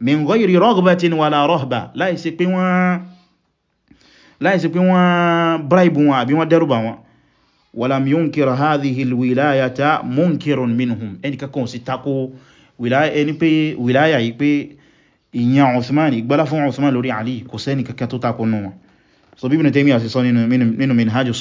min ghairi raghbatin wala rahba láì sí pé wọ́n láìsí pé wọ́n bribe wọn àbí wọ́n dẹ́rùbà wọn walam yunkir hadhihi alwilayata munkirun minhum ẹni kankan sì tako wilaya ẹni pé wilaya yìí pé ìyàn Uthman ìgbálá fún Uthman lórí Ali kò sẹ́ni kankan tó tako nù wọn so bí Ibn Taymiyyah sọ nínú Minhaju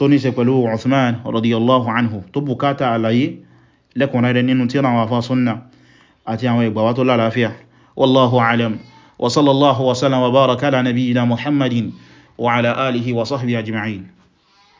tó ní ṣe pẹ̀lú Uthman radiyallahu anhu tó bukata àlàyé lẹ́kùnrẹ́rẹ́ nínú tí àwọn afá súnnà àti àwọn ìgbàwà tó lálàáfíà wallahu alam wa sallallahu wa sallam wa baraka ala nabiyyina muhammadin wa ala alihi wa sahbihi ajma'in